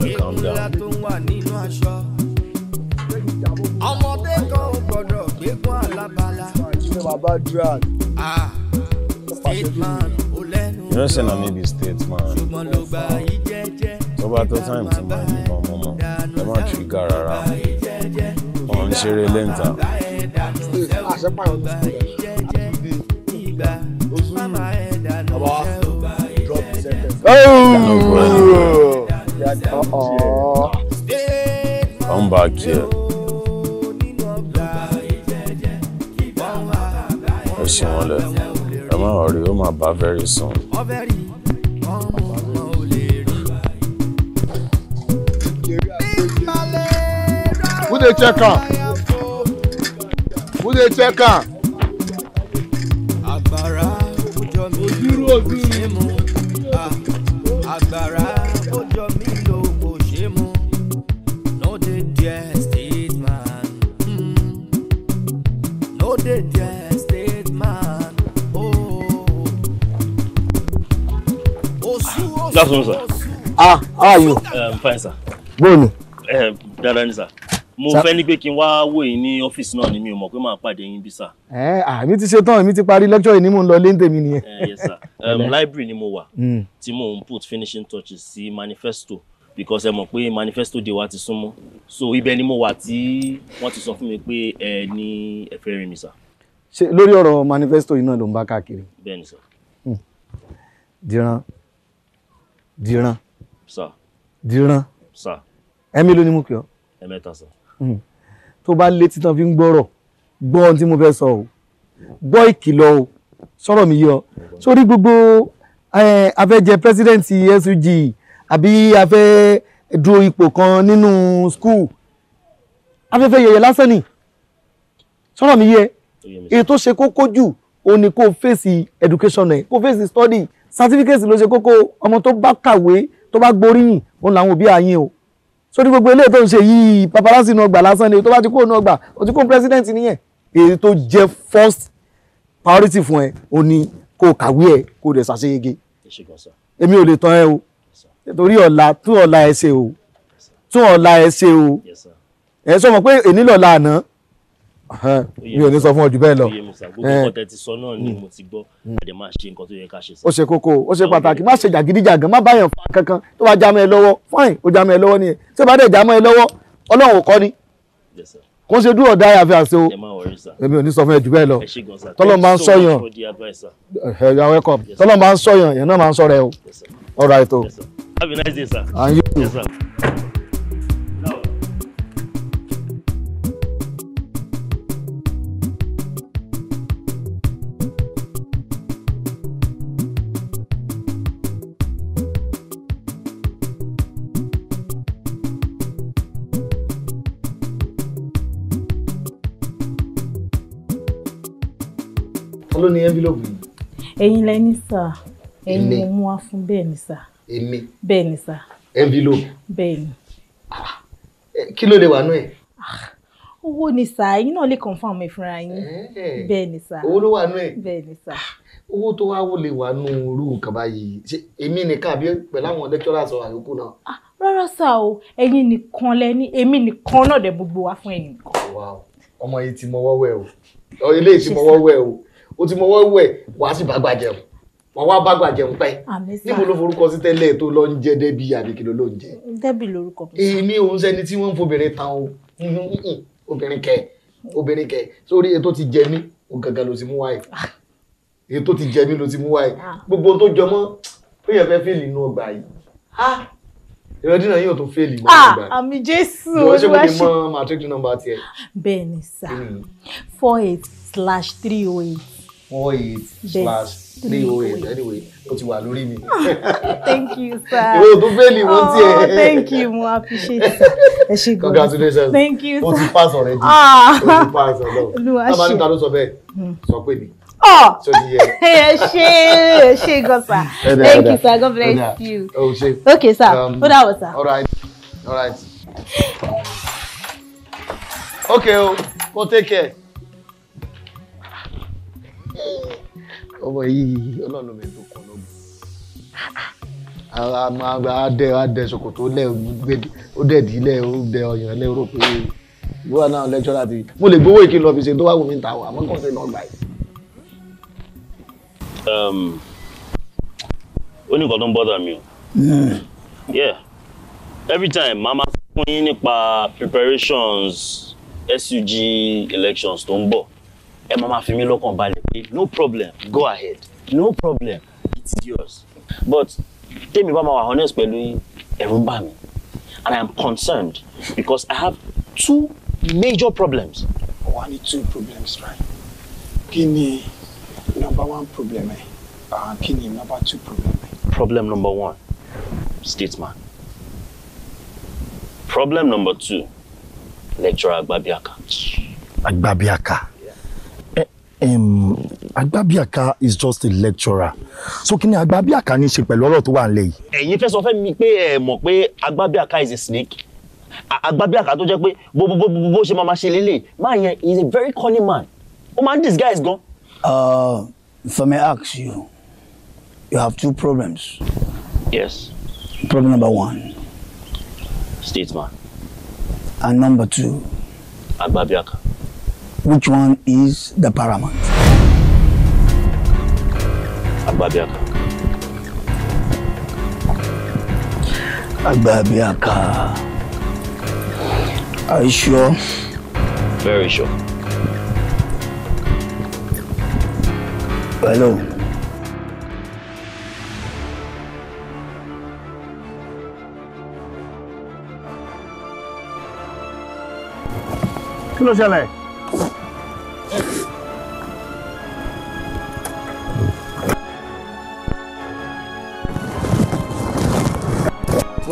ewu ńlá tó ń wà nínú aṣọ. ọmọdé kan ò gbọdọ̀ gbégun alábala. Ah, state man ò lẹ́nu lọ. yóò ṣe na mi state man. ṣùgbọ́n ló gba yí tó bá tó time tí màá yí ọmọ mọ́ ẹ má tù í rárá ṣeré lẹ́ǹta. Come back here. Ẹ ṣe wọn lẹ, ẹ má rí ó máa very soon. Who dey check am? mo lè tẹ kàn. agbára ó jọ mí kò ṣe mú ah, agbára ó jọ mí kò ṣe mú no dey there state man hmm. no dey there state man oh. osu osu osu. ah how are you. Um, fine sir. bóòlù. Um, dáadáa ni sir mo fẹ́ ní pé kí n wá wò yín ní ọ́fíìsì náà ni mi ò mọ̀ pé màá pàdé yín bí sà. ẹ àmì ti ṣe tán èmi ti parí lecture yìí ni mò ń lọ lé ń tèmi nìyẹn. ẹ yes sà *laughs* um, library ni mo wà mm. tí mò ń put finishing touches sí manifesto because ẹ mọ̀ pé manifesto de wa ti súnmọ́ so ibẹ̀ ni mo wà tí wọ́n ti sọ fún mi pé ẹ ní ẹ fẹ́ mi sà. ṣe lórí ọ̀rọ̀ manifesto yìí náà ló ń bá káàkiri. bẹ́ẹ̀ni sà. Hmm. dìran dìran. sà. dìran. sà. ẹ mélòó ni mo kí ọ. ẹ mẹ́ta Hmm. tó bá létí tán fi ń gbọ́rọ̀ gbọ́ ohun tí mo fẹ́ sọ o gbọ́ ìkìlọ̀ o sọ̀rọ̀ mi yọ sórí gbogbo afẹ́jẹ pẹ́sidẹ́ǹtì SUG àbí afẹ́ du ipò kan nínú skul afẹ́fẹ́ yẹ̀yẹ̀ lásán ni sọ̀rọ̀ mi yẹ èyí tó ṣe kókó jù ó ní kó fèsì education ẹ̀ kó fèsì study certificate ló ṣe kókó ọmọ tó bá kàwé tó bá gboríyìn òun làwọn òbí àyín o sórí gbogbo eléyìí tó ń ṣe yìí paparazzi náà gbà lásán ni tó bá ti kó náà gbà ó ti kó president nìyẹn èyí tó jẹ́ first priority fún ẹ o ní kó o kàwé ẹ kó o dẹ̀ ṣàṣeyege èmi ò lè tán ẹ o torí ọ̀la tún ọ̀la ẹ ṣe o tún ọ̀la ẹ ṣe o ẹ sọ mọ̀ pé ènìlọ́la àná mi ò ní sọ fún ọ jù bẹ́ẹ̀ lọ. Mm. ó ṣe kókó ó ṣe pàtàkì má ṣe jàgídíjàgan má báyàn fa kankan tó bá já mọ́ ẹ lọ́wọ́ fine ó já mọ́ ẹ lọ́wọ́ nìyẹn tó bá dẹ̀ já mọ́ ẹ lọ́wọ́ ọlọ́run ò kọ́ ni kò ń ṣe dúró ọ̀dà àyàfi àṣẹ o èmi ò ní sọ fún ẹ jù bẹ́ẹ̀ lọ tọ́lọ́n bá ń sọ̀yàn tọ́lọ́n bá ń sọ̀yàn yẹn náà máa ń sọ̀rọ̀ ẹ o Yes, sir. síbí lóògùn yìí. ẹ̀yin lẹni sà ẹ̀yin lè mú wa fún bẹ́ẹ̀ ni sà. èmi bẹ́ẹ̀ ni sà. envelope. bẹ́ẹ̀ ni. Ah, kí ló lè wà nú ẹ̀. Ah, owó ni sà ẹ̀yin náà lè confam ìfúnra yín. bẹ́ẹ̀ ni sà. owó ló wà nú ẹ̀. bẹ́ẹ̀ ni sà. Ah, owó tó wá wò lè wà nú irú nǹkan báyìí ṣé èmi nìkan àbí pẹ̀lú àwọn lecturers àyókù náà. rárá sà o ẹ̀yin nìkan lẹ èmi nìkan náà dẹ̀ gbogbo wa fún ẹ̀yin nìkan. ọmọ yìí ti mọ wọ́wẹ́ o ilé yìí ti mọ wọ́wẹ́ o o ti mọwọ́ wẹ̀ wàá sì bá gbà jẹun wọ́n wá bá gbà jẹun pẹ́ ah, níbo ló forúkọ sí tẹ́lẹ̀ tó lọ ń jẹ́ débì àbíkí ló ló ń jẹ́. débì lórúkọ mi. èmi òun sẹni tí wọ́n ń fobìnrin tan o *laughs* obìnrin kẹ obìnrin kẹ sórí ètò ti jẹ mí òun gangan ló ti mú wáyé ah. ètò ti jẹ mí ló ti mú wáyé ah. gbogbo tó jọ mọ́ ó yẹ fẹ́ fèlì inú ọgbà yìí ìrọ̀dí náà yóò tó fèlì inú ọgbà àmì jésù olúwa ìwọ ṣe mo ti mọ matric number tiẹ. bẹ́ẹ̀ni sá hmm. four eight slash three oh eight four eight slash three oh eight anyway ó ti wà lórí mi. *laughs* thank you sir. *laughs* ìwé òtún wọ́n ti ẹ̀. thank you mo appreciate it. congratulations thank you sir. o ah. ti pass already. o ti pass ọlọ́run. olúwa tábàlì ta ló sọ bẹ́ẹ̀ hmm. sọ pé mi oh. *laughs* ẹ ṣe ẹ ṣe gan thank you sir god bless you oh, okay sir um, ó dà wọ sir. all right all right okay o oh, go take care. *laughs* ọmọ yìí ọlọ́run mi tó kọ́ lọ́gbọ̀n ara máa dẹ adẹ ṣòkòtò lẹ ó dẹ dílẹ ó dẹ ọyàn lẹ rò pé ìwọ náà lẹ́jọ́ láti mo lè gbowó ìkí lọ fi ṣe tó wà wù mí ta àwọn kan ṣe lọ gbà yìí. Um, ó ní nǹkan tó ń bọ́dà mi o. Hmm. every time mama fún yín nípa preparations SUG elections tó ń bọ̀ ẹ máa máa fi mí lọ́kàn balẹ̀ pé no problem go ahead no problem it's yours but tèmi bá máa wà honest pẹ̀lú ẹ̀rù ń bà mí and i am concerned because i have two major problems. I á ní two problems right Kini number one problem eh, ah, and kini number two problem eh. problem number one statesman problem number two lecturer agbabiaka. agbabiaka um, Agbabiaka is just a lecturer so kí ni Agbabiaka ní í ṣe pẹ̀lú ọ̀rọ̀ tó wà nílẹ̀ yìí. ẹ̀yin fẹ́ sọ fẹ́ mi pé ẹ mọ̀ pé Agbabiaka is a snake Agbabiaka tó jẹ́ pé bó bó bó bó ṣe máa ṣe lélẹ̀ máa yẹn he is a very cunning man ó máa ń disguise gan. Uh, if I may ask you you have two problems. yes. problem number one. statesman. and number two. Agbabiaka. Which one is the paramount? Agbabiaka. Agbabiaka. Are you sure? Very sure. Hello. kí ló ṣẹlẹ̀? So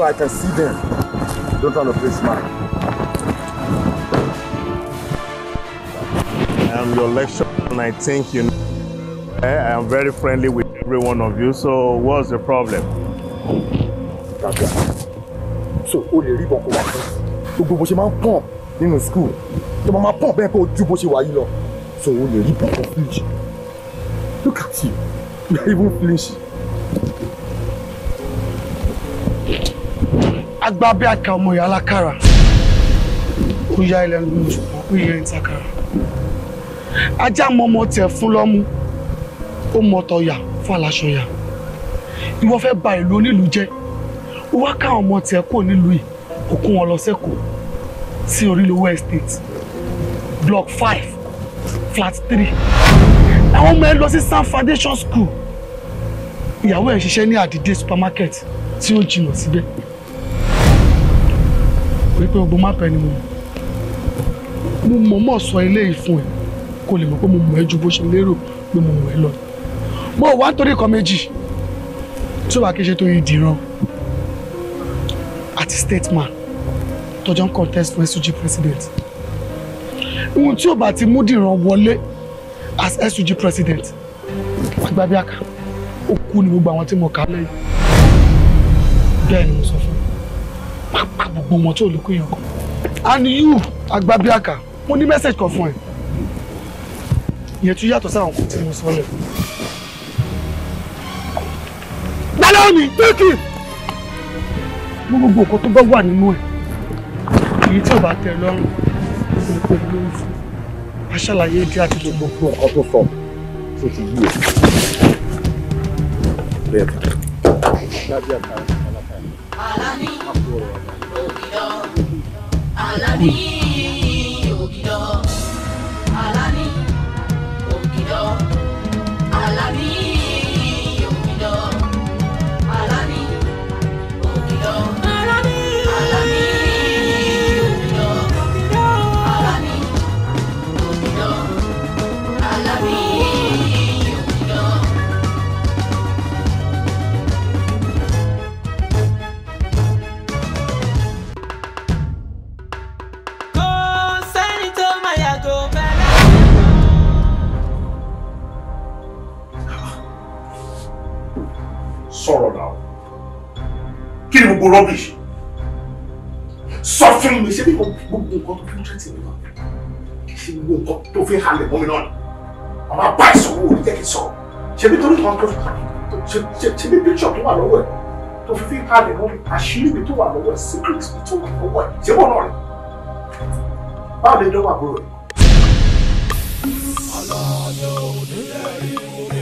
I can see them. Don't want to play I'm um, your lecturer and I think you know eh, I am very friendly with every one of you, so what's the problem? So, o lè rí bọ̀kọ̀ wá fún gbogbo bó ṣe school The mama pọ̀ bẹ́ẹ̀ kó ju bó ṣe wà yìí lọ so o lè rí bọ́ọ̀kọ̀ flinch look at you *laughs* you are even flinch. agbá bí àkà ọmọ ìyá alákàrà ó yá ilẹ̀ ló ń ṣùgbọ́n ó yẹ ìtakàrà ajá mọ́mọ́ tẹ̀ fún lọ́mú ó mọ́tọ̀yà fún aláṣọyà ìwọ fẹ́ ba ìlú onílùú jẹ́ ó wá káwọn ọmọ tẹ̀ kò nílùú yìí kò kó wọn lọ sẹ́kọ̀ọ́ sí orílẹ̀-èdè block five flat three àwọn ọmọ ẹ lọ sí Sam Foundation School ìyàwó ẹ̀ ṣiṣẹ́ ní àdìdé supermarket tí ó jìnnà síbẹ̀ rí pé gbogbo mápẹ́ ni mo mọ̀ mo mọ̀ mọ̀ sọ ilé ìfún ẹ̀ kó lè mọ̀ pé mo mọ̀ ẹ́ ju bó ṣe lérò pé mo mọ̀ ẹ́ lọ mo wá nítorí kan méjì tí ó bá kí ṣe tó ìdìran àti stateman tọjọ́ ń contest fún SUG president ohun tí ò bá ti mú dìran wọlé as SUG president agbábíàká ó kú ní gbogbo àwọn tí mo kà á lẹ́yìn bẹ́ẹ̀ ni mo sọ fún pápá gbogbo wọn tó lè kó èèyàn kan and you agbábíàká mo ní message kan fún ẹ ìyẹn tún yàtọ̀ sáwọn kan tí mo sọ lẹ̀ gbálẹ́ òní tẹ́kì mo gbogbo nǹkan tó bá wà nínú ẹ̀ èyí tí ò bá tẹ̀ lọ́rùn a ṣàlàyé ojú àti gbogbo fún ọkọ tó sọ tó ti yí o. E. bẹ́ẹ̀ ni. alani òkìlọ alani. sọ̀rọ̀ náà kí ni gbogbo rubbish sọ fún mi ṣé bí gbogbo nǹkan tó fi ń tẹ́tì mi náà ṣe gbogbo nǹkan tó fi ń halẹ̀ mọ́ mi náà ni àwọn apá ìsọ̀wọ́ ò ní jẹ́ kí n sọ̀rọ̀ ṣe bí torí kan tó ṣe bí píṣọ̀ tó wà lọ́wọ́ ẹ̀ tó fi fi halẹ̀ mọ́ mi àṣírí mi tó wà lọ́wọ́ ẹ̀ secret mi tó wà lọ́wọ́ ẹ̀ ṣé wọ́n náà rẹ̀ báwo lè dánwò àbúrò rẹ̀. ọlọ́run ò ní lẹ́rìí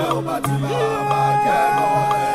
bẹ́ẹ̀ ó bá ti máa bá kẹ́ ẹ̀ lọ́wọ́ ẹ̀.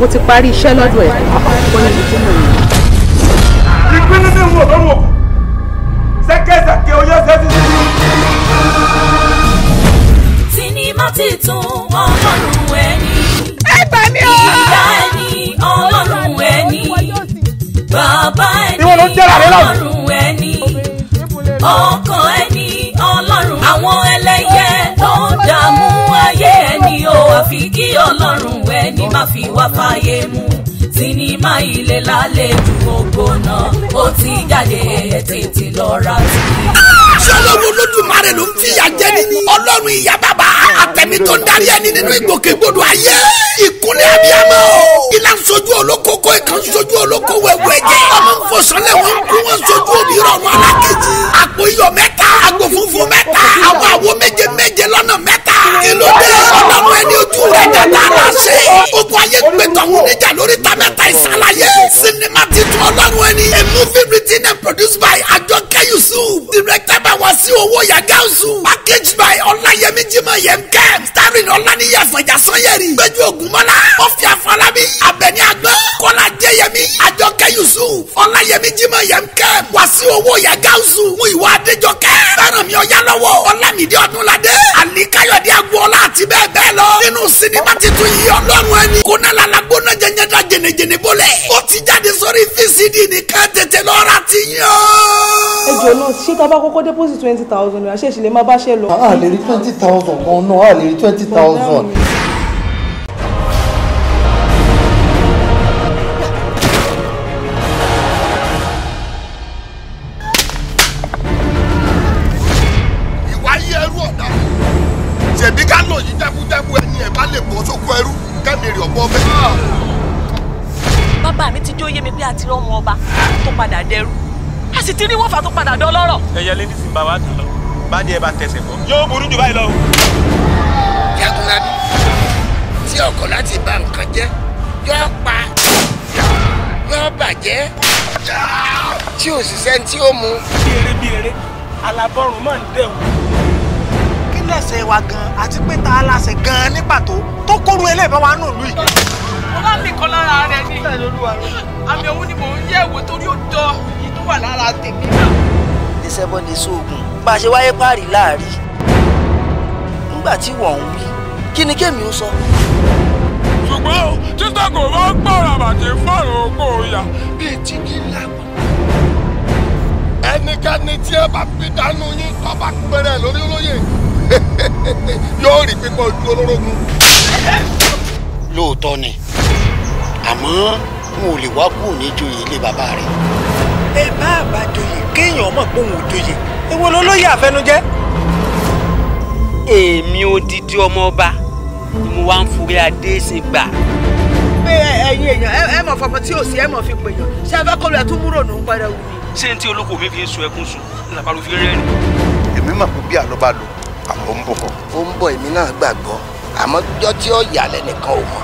mo ti parí iṣẹ́ lọ́dọ̀ ẹ̀ kó ní ibi tí mo ìpínlẹ̀ ní ìwọ̀n lọ́rùn òkú ṣẹ́kẹ́ṣẹ́kẹ́ oyè ṣẹ́sí sí. sinimá titun ọlọ́run ẹni. ẹ gbà mí o. ìyá ẹni ọlọ́run ẹni. bàbá ẹni ọlọ́run ẹni. má fi wá fàyè mu sinimá ilé lálejò ògbóná ó ti jáde ẹ tètè lọ ra sí i. ṣé olórí olódùmarè ló ń fìyà jẹ nínú ọlọ́run ìyá bàbá àtẹ̀mí tó ń darí ẹni nínú ìgbòkègbodò ayé ìkúnlẹ̀ abiyamọ ilá ń sojú olókoko ìkan sojú olókòwò ẹ̀wọ̀ ọmọ ń fòsánlẹ̀ wọn ń kú wọn sojú omi rọrùn alákejì àpò iyọ̀ mẹ́ta àgò funfun mẹ́ta àwọn àwo méje méje lọ́nà mẹ́ta kí ló dé ọlọ́run ẹni ojú rẹ̀ dàda ara gbogbo ayé gbẹtọ̀ níjà lórí tàbẹ́tà ìsàlàyé. sinimá titun ọlọ́run ẹni. a movie written and produced by Àjọkẹ́ Yusuf. directed by Wasiu owó Yagausu. packaged by Ọláyẹmí Jimoh Yemkem. starring Ọláníyà Fẹ̀jà Sanyẹ̀rì. Péjú Ògúnmọ́lá. Ọ̀fíà Fọlábí. Àbẹ̀ní Àgbẹ̀. Kọ́lá Adéyẹmí. Àjọkẹ́ Yusuf. Ọláyẹmí Jimoh Yemkem. Wasiu owó Yagausu. Mú ìwà Adéjọkẹ́. fẹ́ràn mi ọ̀yá lọ́wọ́. Ọlámídé Ọdúnládé wòlíì káyọ̀dé agboola àti bẹ́ẹ̀ bẹ́ẹ̀ lọ. nínú sinimá titun yìí ọlọ́run ẹni. kónálà lagbóná jẹjẹrẹ jẹnẹjẹnẹ bọ́lẹ̀. ó ti jáde sórí vcd nìkan tètè lọ́ra ti yàn. ẹ jọ náà ṣé tá a bá kọ́kọ́ deposit twenty thousand naira ṣé ìṣẹ̀lẹ̀ máa bá ṣe lọ. a lè rí twenty thousand gan náà a lè rí twenty thousand. rọmọ ọba tó padà dẹrú a sì ti rí wọn fà tó padà dọlọ́rọ̀. ẹyẹ lẹni sì ń bá wa dùn lọ bá díẹ̀ bá tẹsẹ̀ bọ yóò burú jù báyìí lọ. jagunlabi tí ọkọ láti bà nǹkan jẹ́ yóò pa yóò bàjẹ́ tí òṣìṣẹ́ tí ó mu. bí eré bí eré alábọ́rùn máa ń dẹ̀wò lẹ̀ṣẹ̀ wa gan àti pé ta aláṣẹ gan ní pàtó tó kóru ẹlẹ́bàá wa nù lùi. mo bá mi kan lára rẹ ni àmì òun ni mò ń yẹ̀ wò torí ó dọ èyí tó wà lára tèmi náà. iṣẹ́ bọ́ ni sóògùn bá a ṣe wáyé páàrí láàrí nígbà tí wọ́n ń wí kí ni kémi ó sọ. ṣùgbọ́n títà kò bá gbọ́ra bàjẹ́ fọ́ọ̀rọ̀ oko ìyá bíi tíkì lápá ẹnikẹ́ni tí ẹ bá gbé dànù yín tó bá pẹ̀rẹ̀ lórí olóyè *laughs* yóò rí pípọ̀ ojú olórógun. lóòótọ́ ni àmọ́ n ò lè wá kúrò ní ìjòyè ilé bàbá rẹ̀. ẹ bá àbájọyè kéèyàn mọ̀ pé òun ò jòyè èwo ló lóye àfẹnujẹ. èmi odidi ọmọ ọba ni mo wá ń forí adé sí gbà. pé ẹ̀yin èèyàn ẹ mọ̀ fọmọ tí ò sí ẹ mọ̀ fi pèèyàn ṣé ẹ fẹ́ kọ́ lu ẹ̀ tún múrò nù ń pẹ́rẹ́ wù mí. ṣé n tí olóko mi fi ń sun ẹkún sùn ní làbárò fi rẹ́rìn. èmi mọ̀ pé bí àlọ́ bá lò àmọ́ ń bọ̀. ó ń bọ̀ èmi náà gbàgbọ́ àmọ́ jọ́ tí ó yà lẹ́nìkan ò mọ̀.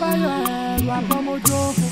bá yọ ẹ̀rọ àgbọ̀mọjọ́.